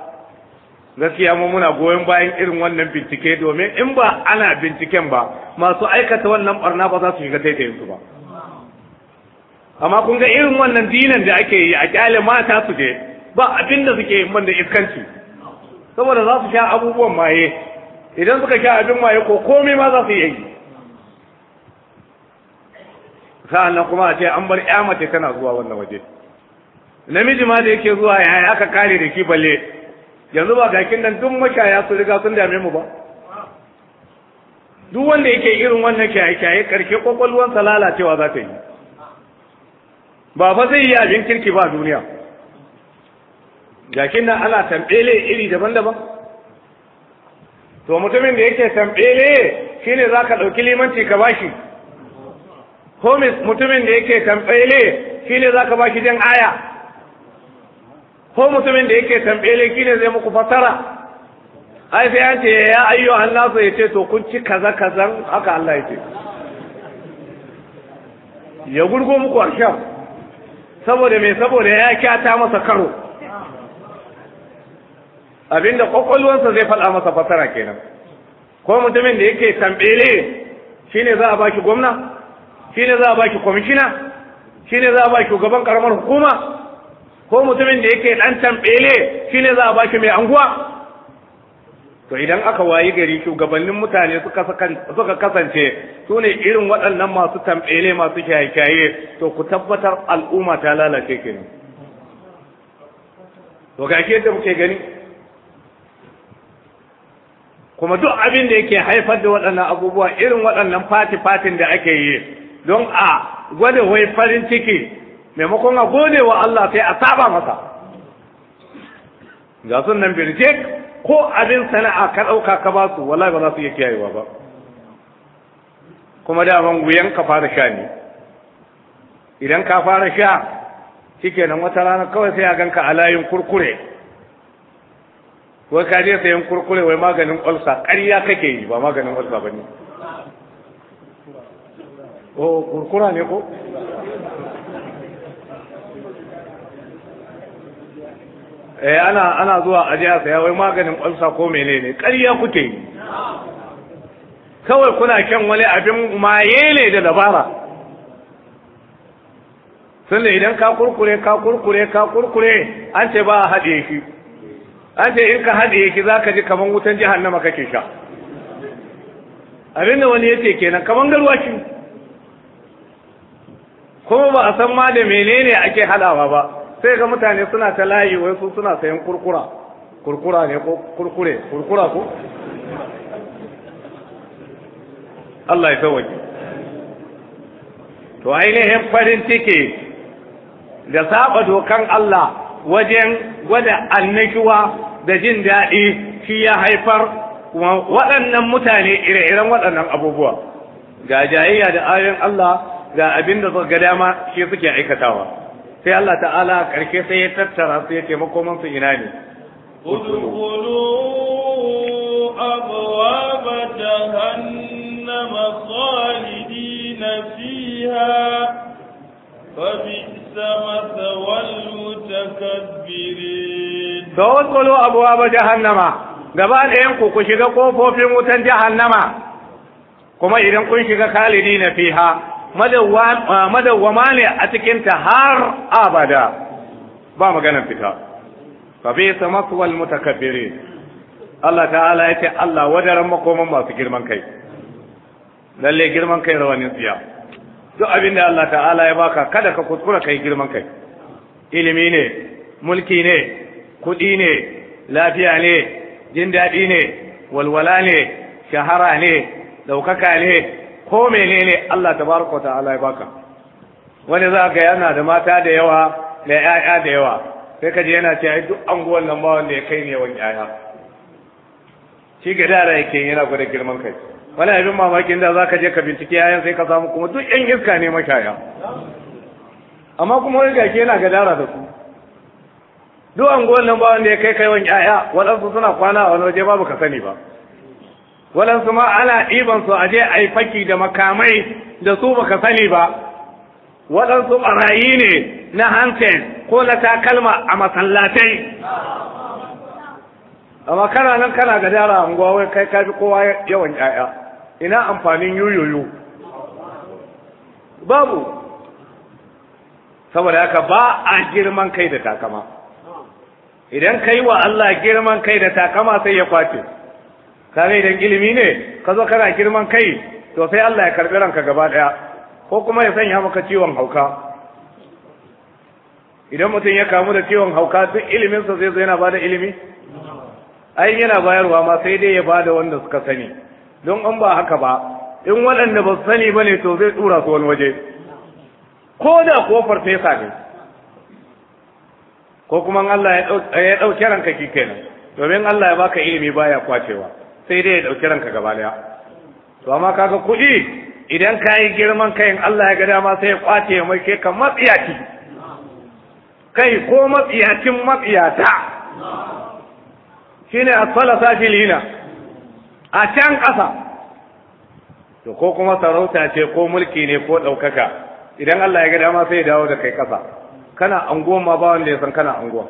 gaskiya mu muna goyon bayan irin wannan bincike domin in ba ana binciken ba masu aikata wannan barna ba za su shiga taitayin su ba amma kun ga irin wannan dinan da ake yi a kyale mata su je ba abin da suke yin da iskanci saboda za su sha abubuwan maye idan suka sha abin maye ko komai ma za su yi sa'annan kuma a ce an bar ya mace tana zuwa wannan waje namiji ma da yake zuwa yaya aka kare da ki balle yanzu ba gakin nan duk mashaya su riga sun dame mu ba duk wanda yake irin wannan kyaye karshe karshe kwakwalwansa lalacewa za ta yi ba fa zai yi abin kirki ba duniya gakin nan ana tambele iri daban-daban to mutumin da yake tambele shine za ka ɗauki limanci ka bashi homis mutumin da yake tambele shine za ka bashi jan aya ko mutumin da yake tambele ki ne zai muku fasara ai sai an ce ya ayyo Allah ya ce to kun ci kaza kazan haka Allah ya ce ya gurgo muku a sham saboda me saboda ya kyata masa karo abinda kwakwalwansa zai faɗa masa fasara kenan ko mutumin da yake tambele shine za a baki gwamna shine za a baki kwamishina shine za a baki gaban karamar hukuma ko mutumin da yake dan tambele shine za a baki mai anguwa to idan aka wayi gari shugabannin mutane suka kasance su ne irin waɗannan masu tambele masu kyakkyaye to ku tabbatar al'umma ta lalace ne to ga ke muke gani kuma duk abin da yake haifar da waɗannan abubuwa irin waɗannan fati-fatin da ake yi don a gwada wai farin ciki maimakon a gode wa Allah sai a saba masa ga sun nan birje ko abin sana'a ka ɗauka ka ba su wallahi ba za su iya kiyayewa ba kuma da ban wuyan ka fara sha ne idan ka fara sha nan wata rana kawai sai a ganka a layin kurkure wai ka je sayan kurkure wai maganin ulsa ƙarya kake yi ba maganin ulsa ba ne o oh, kurkura ne ko eh ana ana zuwa aje a saya wai maganin kwansa ko menene ƙarya kuke yi kawai kuna kyan wani abin maye ne da dabara sun idan ka kurkure ka kurkure ka kurkure an ce ba a haɗe shi an ce in ka haɗe shi za ka ji kaman wutan jahannama kake sha abin da wani yake kenan kaman shi. kuma ba a san ma da menene ake haɗawa ba sai ga mutane suna ta layi wai su suna sayan kurkura kurkura ne ko kurkure kurkura ko Allah ya sauwaje to ainihin farin ciki da saba dokan Allah wajen gwada annakiwa da jin daɗi shi ya haifar waɗannan mutane ire-iren waɗannan abubuwa ga jayayya da ayoyin Allah ga abin da suka ga dama shi suke aikatawa sai Allah ta'ala a ƙarshe sai ya tattara su ya makoman su ina ne udkhulu abwaab jahannam khalidina fiha fa bi'sa mathwal mutakabbirin dawqulu abwaab jahannama gaba ɗayan ku ku shiga kofofin wutan jahannama kuma idan kun shiga na fiha Ah, madawwama ne a cikin ta har abada ba maganar fita fa bi samaswal mutakabbirin Allah ta'ala yake Allah wadaran makoman masu girman kai lalle girman kai rawanin tsiya duk abin da Allah ta'ala ya baka kada ka kuskura kai girman kai ilimi ne mulki ne kuɗi ne lafiya ne jin daɗi ne walwala ne shahara ne ɗaukaka ne ko menene Allah tabaraka ta'ala ya baka wani za ga yana da mata da yawa da ƴaƴa da yawa sai ka je yana ai duk anguwan nan ba wanda ya kai ne wani ƴaƴa shi ga dara yake yana gwada girman kai wani abin mamakin da za ka je ka bincike 'ya'yan sai ka samu kuma duk ƴan iska ne mashaya amma kuma wani gake yana gadara da su duk anguwan nan ba wanda ya kai kai wani ƴaƴa waɗansu suna kwana a wani waje babu ka sani ba waɗansu ma ana ɗiban su a je a yi faki da makamai da su baka sani ba waɗansu ɓarayi ne na hansen ko na takalma a masallatai amma kana nan kana ga yara unguwa wai kai ka fi kowa yawan 'ya'ya ina amfanin yoyoyo babu saboda haka ba a girman kai da takama idan ka yi wa Allah girman kai da takama sai ya kwace ga idan ilimi ne ka zo kana girman kai to sai Allah ya karbi ranka gaba daya ko kuma ya sanya maka ciwon hauka idan mutum ya kamu da ciwon hauka duk sa zai zo yana bada ilimi ai yana bayarwa ma sai dai ya bada wanda suka sani don an ba haka ba in waɗanda ba su sani ba ne to zai tura su wani waje ko da ko farfesa ne ko kuma Allah ya ɗauke ranka kenan domin Allah ya baka ilimi baya kwacewa sai dai ya dauki ranka gaba daya to amma kaga kuɗi idan ka yi girman kayan Allah ya ga dama sai ya kwace ya maike ka matsiyaci kai ko matsiyacin matsiyata shine asfala safilina a can ƙasa to ko kuma sarauta ce ko mulki ne ko ɗaukaka idan Allah ya ga dama sai ya dawo da kai ƙasa kana anguwan ma ba wanda ya san kana anguwan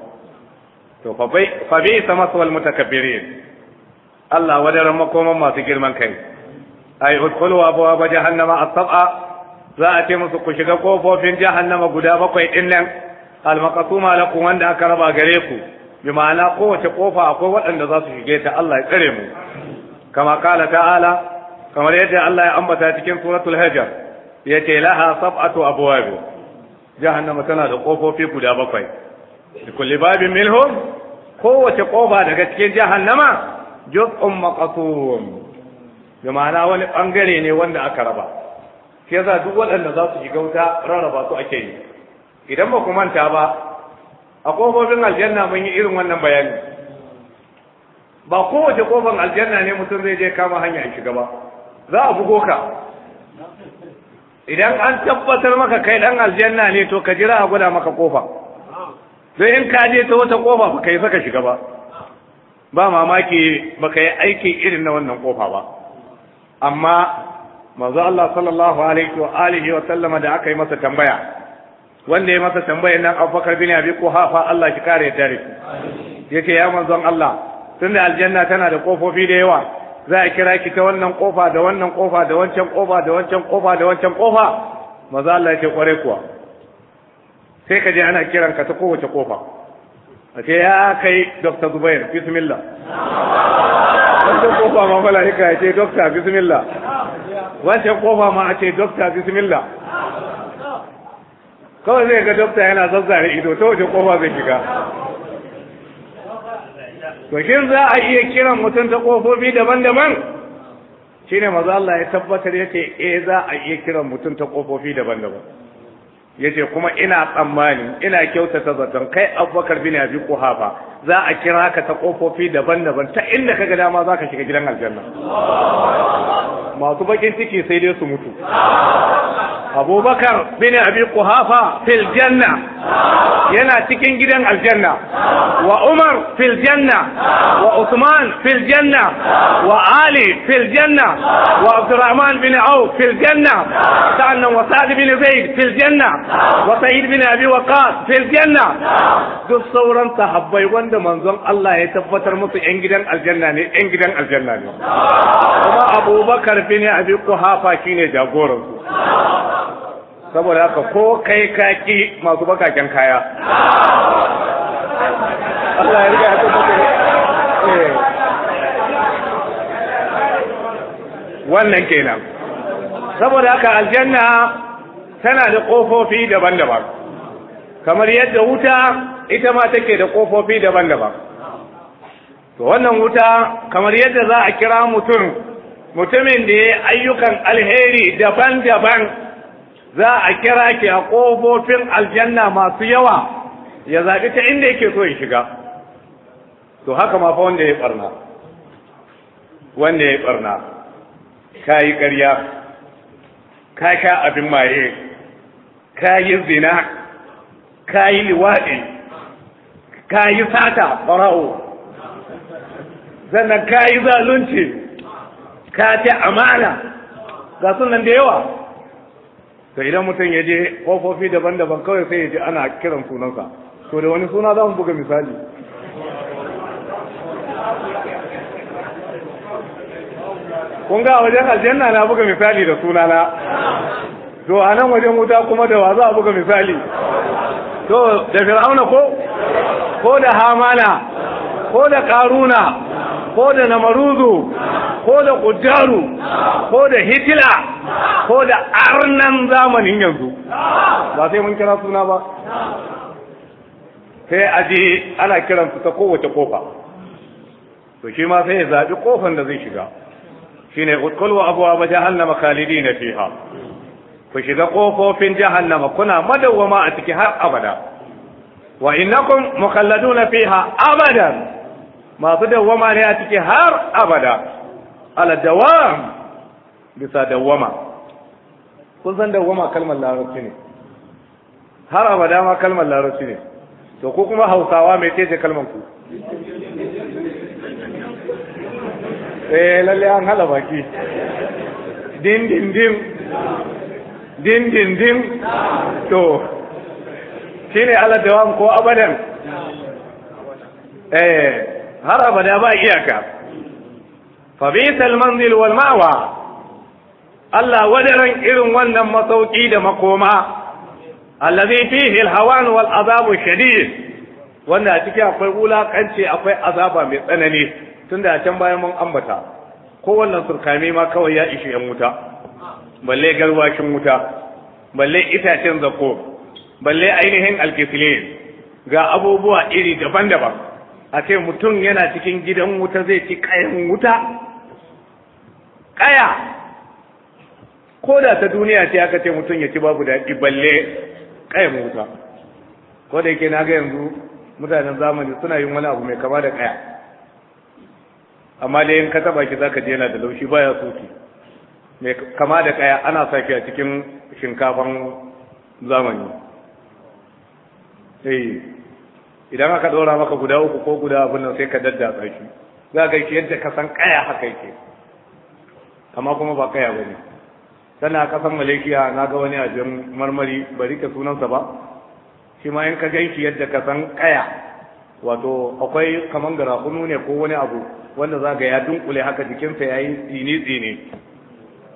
to fa bai fa bai sama sawal mutakabbirin Allah wadaran makoman masu girman kai ai udkhulu abwaaba jahannama as-sab'a za a ce musu ku shiga kofofin jahannama guda bakwai din nan al-maqsuma lakum wanda aka raba gare ku bi ma'ana kowace kofa akwai waɗanda za su shige ta Allah ya tsare mu kama kala ta'ala kamar yadda Allah ya ambata cikin suratul hajar yace laha sab'atu abwaab jahannama tana da kofofi guda bakwai kulli babin minhum kowace kofa daga cikin jahannama juz'un maqsum bi ma'ana wani bangare ne wanda aka raba sai yasa duk waɗanda za su shiga wuta rarraba su ake yi idan ba ku manta ba a kofofin aljanna mun yi irin wannan bayani ba kowace kofan aljanna ne mutum zai je kama hanya shiga ba za a bugo ka idan an tabbatar maka kai dan aljanna ne to ka jira a gwada maka kofa don in ka je ta wata kofa ba kai saka shiga ba ba mamaki baka yi aiki irin na wannan kofa ba amma manzo Allah sallallahu alaihi wa alihi wa sallama da aka yi masa tambaya wanda ya masa tambayar nan Bakar bin Abi Quhafa Allah ki kare ya dare. yace ya manzon Allah tunda aljanna tana da kofofi da yawa za a kira ki ta wannan kofa da wannan kofa da wancan kofa da wancan kofa da wancan kofa manzo Allah yake kware kuwa sai ka je ana kiran ka ta kowace kofa a ce ya kai dr zubair bismillah wancan kofa ma mala'ika ya ce dokta bismillah wancan kofa ma a ce dokta bismillah kawai zai ga dokta yana zazzare ido ta wace kofa zai shiga to shi za a iya kiran mutum ta kofofi daban-daban shine maza Allah ya tabbatar yake eh za a iya kiran mutum ta kofofi daban-daban yace kuma ina tsammani ina kyautata zaton kai abubakar bin abi kuhafa za a kira ka ta kofofi daban-daban ta inda kaga dama za ka shiga gidan aljanna masu bakin ciki sai dai su mutu abubakar bin abi kuhafa fil janna yana cikin gidan aljanna wa umar fil janna wa usman fil janna wa ali fil janna wa abdurrahman bin auf fil janna sa'annan wa sa'd bin zaid fil janna wa sa'id bin abi waqas fil janna duk sauran sahabbai wanda da manzon Allah ya tabbatar musu yan gidan aljanna ne yan gidan aljanna ne kuma abubakar bin abi kuhafa shine jagoran su saboda haka ko kai kaki masu bakaken kaya Allah ya riga ya tabbatar eh. wannan kenan saboda haka aljanna tana da kofofi daban-daban kamar yadda wuta ita ma take da ƙofofi daban-daban to wannan wuta kamar yadda za a kira mutum mutumin da ya ayyukan alheri daban-daban za a kira ki a ƙofofin aljanna masu yawa ya zaɓi ta inda yake so ya shiga to haka ma fa wanda ya barna wanda ya barna ka yi ƙarya ka sha abin maye ka yi zina ka yi liwaɗi Kayi sata fara'o sannan kayi zalunci ka ce amana ga sunan da yawa sai idan mutum ya je kofofi daban-daban kawai sai ya ji ana kiran sunansa to da wani suna za mu buga misali kun ga wajen aljanna na buga misali da sunana to a nan wajen wuta kuma da wa za a buga misali to da fir'auna ko ko da hamana ko da karuna ko da namaruzu ko da kudaru ko da hitila ko da arnan zamanin yanzu ba sai mun kira suna ba sai a je ana kiransu ta kowace kofa to shi ma sai ya zaɓi kofan da zai shiga shine udkhulu abwaaba jahannama na fiha ku shiga kofofin jahannama kuna madawwama a ciki har abada wa innakum mukhalladuna fiha abadan masu dawwama ne a ciki har abada ala dawam bisa dawwama kun san dawwama kalmar larabci ne har abada ma kalmar larabci ne to ko kuma hausawa mai ce kalmar ku eh lalle an hala baki din din din din din din to shine da dawam ko abadan eh har abada ba iyaka fa bisal manzil wal ma'wa Allah wadaran irin wannan masauki da makoma allazi fihi hawan wal azabu shadid wanda a cikin akwai wulakanci akwai azaba mai tsanani tunda a can bayan mun ambata ko wannan surkami ma kawai ya ishe yan wuta balle garwashin wuta balle itacen zako balle ainihin alkifile ga abubuwa iri daban-daban a ce mutum yana cikin gidan wuta zai ci kayan wuta kaya ko da ta duniya ce aka ce mutum ya ci babu daɗi balle kayan wuta ko da yake na ga yanzu mutanen zamani suna yin wani abu mai kama da kaya amma da yin ka taba ki ka je yana da laushi baya so mai kama da kaya ana sake a cikin shinkafan zamani sai eh, idan aka ɗora maka guda uku ko guda abin nan sai ka daddatsa shi za ka yi yadda ka san kaya haka yake amma kuma ba kaya ba ne Tana kasan malaysia na ga wani ajiyar marmari ba rike sunansa ba shi ma in ka gan shi yadda ka san kaya wato akwai kaman garafunu ne ko wani abu wanda za ga ya dunkule haka jikinsa ya yi tsini-tsini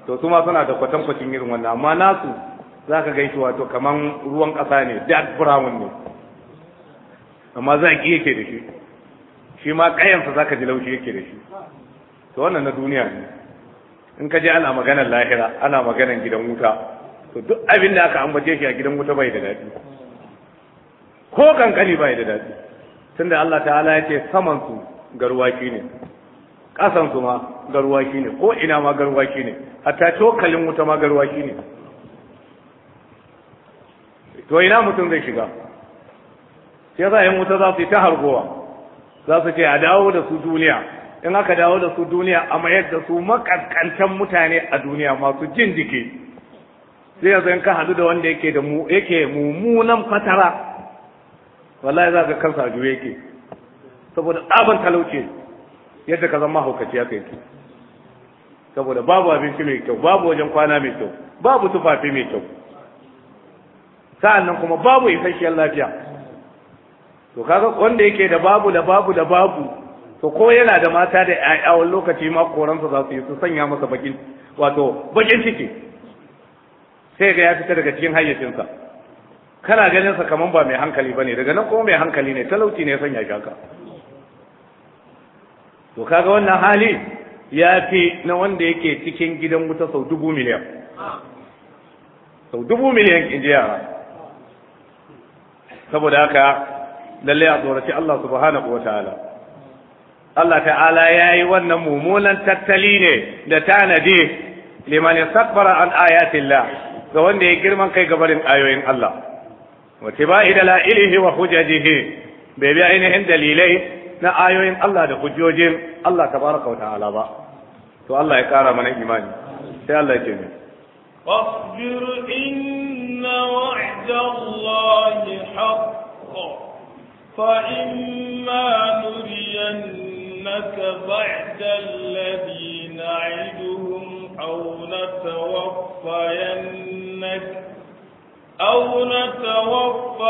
to su ma suna da kwatankwacin irin wannan amma nasu za ka gaishe wato kaman ruwan ƙasa ne dark brown ne amma zaƙi yake da shi shi ma ƙayansa za ka ji laushi yake da shi to wannan na duniya ne in ka je ana maganar lahira ana maganar gidan wuta to duk abin da aka ambace shi a gidan wuta bai da daɗi ko kankani bai da daɗi tunda Allah ta'ala ya ce saman su garwaki ne ƙasansu su ma garwaki ne ko ina ma garwaki ne hatta cokalin wuta magarwa shi ne to ina mutum zai shiga sai yasa wuta za su yi ta hargowa za su ce a dawo da su duniya in aka dawo da su duniya a mayar da su makaskantan mutane a duniya masu jin jiki sai yanzu in ka hadu da wanda yake da mu yake mummunan fatara wallahi za ka kansa a juye yake saboda tsaban talauce, yadda ka zama haukaci ya kai saboda babu abinci mai kyau babu wajen kwana mai kyau babu tufafi mai kyau sa'annan kuma babu isasshiyar lafiya to kaga wanda yake da babu da babu da babu to ko yana da mata da ƴaƴa wani lokaci ma koransa za su yi su sanya masa bakin wato bakin ciki sai ga ya fita daga cikin hayyacinsa kana ganin sa kaman ba mai hankali bane daga nan kuma mai hankali ne talauci ne ya sanya shi haka to kaga wannan hali ya fi na wanda yake cikin gidan wuta sau dubu miliyan sau dubu miliyan in ji yara saboda haka lallai a tsoraci Allah subhanahu wa ta'ala Allah ta'ala ya yi wannan mummunan tattali ne da tanadi liman yastakbara an ayatillah ga wanda ya girman kai gabarin ayoyin Allah wa tiba'i da la'ilihi wa hujajihi bai bi ainihin dalilai na ayoyin Allah da hujjojin Allah tabaraka wa ta'ala ba to Allah ya kara mana imani sai Allah ya ce mu فاصبر إن وعد الله حق فإما نرينك بعد الذي نعدهم أو نتوفينك أو نتوفينك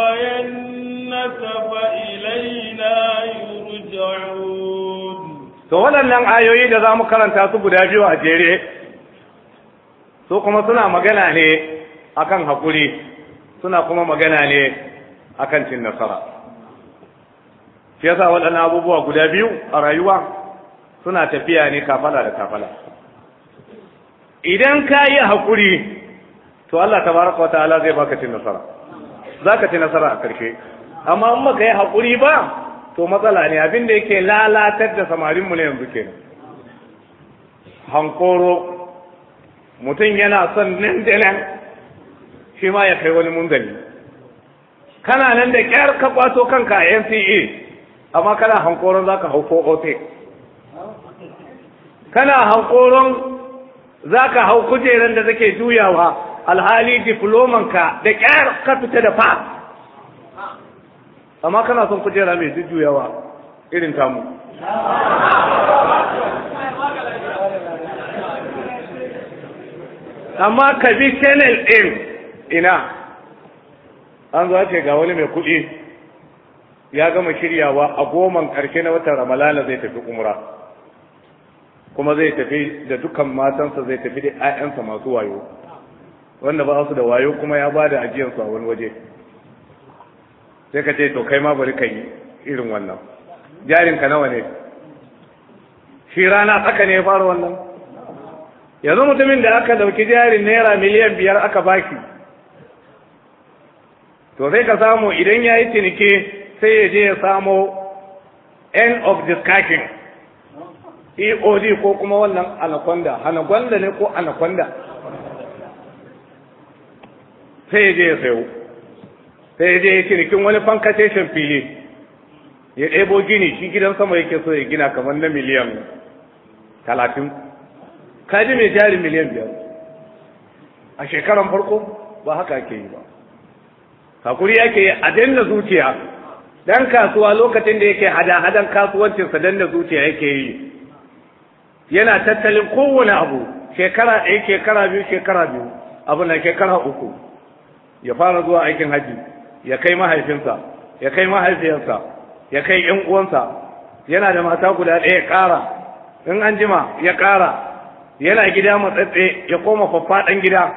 فإلينا يرجعون to waɗannan ayoyi da za mu karanta su guda biyu a jere su kuma suna magana ne akan haƙuri suna kuma magana ne akan cin nasara shi yasa waɗannan abubuwa guda biyu a rayuwa suna tafiya ne kafala da kafala idan ka yi haƙuri to Allah ta tabaraka wata ta'ala zai baka cin nasara za ka ci nasara a ƙarshe amma in ka yi haƙuri ba to matsala ne abin da yake lalatar da samarinmu ne yanzu ke hankoro mutum yana son nan da nan shi ma ya kai wani munzali kana nan da kyar ka kwato kanka a NCA amma kana hankoron za ka hau ote kana hankoron za ka hau kujeran da take juyawa alhali diplomanka da kyar ka fita da fa amma kana son kujera mai jujjuyawa irin tamu amma ka bi channel ɗin ina an zo ce ga wani mai kuɗi ya gama shiryawa a goman ƙarshe na watan ramalana zai tafi umra kuma zai tafi da dukan matansa zai tafi da 'ya'yansa masu wayo wanda ba su da wayo kuma ya bada da ajiyarsu a wani waje sai ka ce to kai ma bari ka yi irin wannan jarinka nawa ne shi rana tsaka ne ya fara wannan yanzu mutumin da aka dauki jarin naira miliyan biyar aka baki to sai ka samu idan ya yi ciniki sai ya je ya samo end of discussion eod ko kuma wannan anaconda anaconda ne ko anaconda sai ya je ya sayo sai je ya ce cinikin wani fankasheshen fili ya ɗebo gini shi gidan sama yake so ya gina kamar na miliyan talatin kaji mai jari miliyan biyar a shekaran farko ba haka ake yi ba hakuri yake yi a danna zuciya dan kasuwa lokacin da yake hada-hadan kasuwancinsa danna zuciya yake yi yana tattalin kowane abu shekara ɗaya shekara biyu shekara biyu abu na shekara uku ya fara zuwa aikin hajji ya kai mahaifinsa ya kai mahaifiyarsa ya kai yan uwansa yana da mata guda ɗaya ya ƙara in an jima ya ƙara yana gida matsatse ya koma faffaɗan gida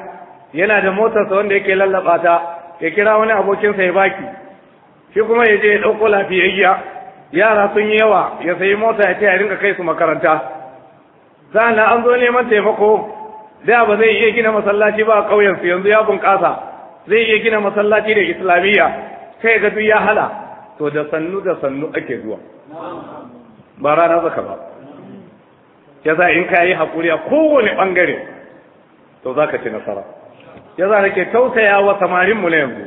yana da motarsa wanda yake lallaɓa ta ya kira wani abokinsa ya baki shi kuma ya je ya ɗauko lafiyayya yara sun yi yawa ya sayi mota ya ce a rinka kai su makaranta sa'an an zo neman taimako da ba zai iya gina masallaci ba a ƙauyensu yanzu ya bunƙasa zai iya gina masallaci da islamiyya sai ga duk ya hala to da sannu da sannu ake zuwa ba rana zaka ba za in ka yi hakuri a kowane bangare to zaka ci nasara yasa nake tausaya wa samarin mu na yanzu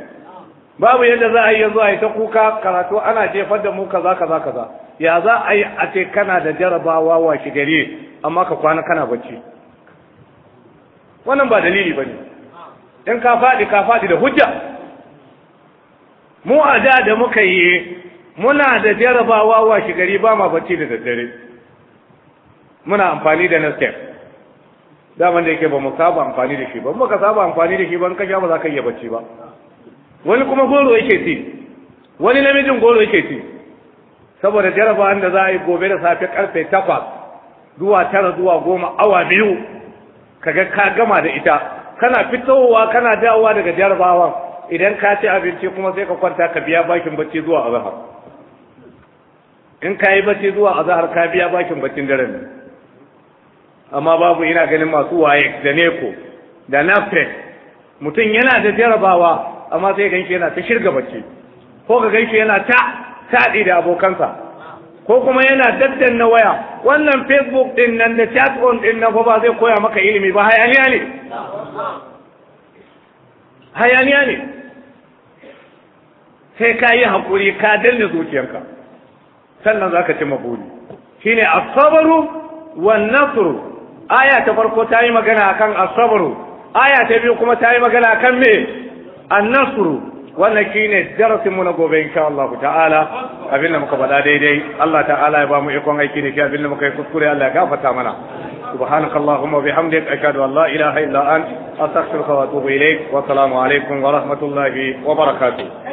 babu yadda za a yi yanzu a yi ta kuka karatu ana jefar da mu kaza kaza kaza ya za a yi a ce kana da jarabawa wa shi gare amma ka kwana kana bacci wannan ba dalili ba ne dan ka faɗi ka faɗi da hujja mu a da da muka yi muna da jarabawa wa shi gari ba ma bacci da daddare muna amfani da da daman da yake ba mu saba amfani da shi ba muka saba amfani da shi ba in ka sha ba za ka iya bacci ba wani kuma goro yake ci wani namijin goro yake ci saboda jarabawa da za a yi gobe da safe karfe takwas zuwa tara zuwa goma awa biyu kaga ka gama da ita kana fitowa kana dawowa daga jarabawan idan ka ci abinci kuma sai ka kwanta ka biya bakin bacci zuwa azhar in ka yi bacci zuwa azhar ka biya bakin baccin dare ne amma babu ina ganin masu waye da neko da nafe mutum yana da jarabawa amma sai ganshi yana ta shirga bacci ko ka ganshi yana ta taɗi da abokansa ko kuma yana daddan na waya wannan facebook din nan da chat on din nan ba zai koya maka ilimi ba hayaniya ne hayaniya ne sai ka yi haƙuri ka danne zuciyarka sannan za ka ci Shi shine asabaru wan nasru aya ta farko ta yi magana akan asabaru aya ta biyu kuma ta yi magana akan me annasru wannan shine darasin mu na gobe insha Allah ta'ala abinda muka faɗa daidai Allah ta'ala ya ba mu ikon aiki da shi abinda muka yi kuskure Allah ya gafarta mana سبحانك اللهم وبحمدك أشهد أن لا إله إلا أنت أستغفرك وأتوب إليك والسلام عليكم ورحمة الله وبركاته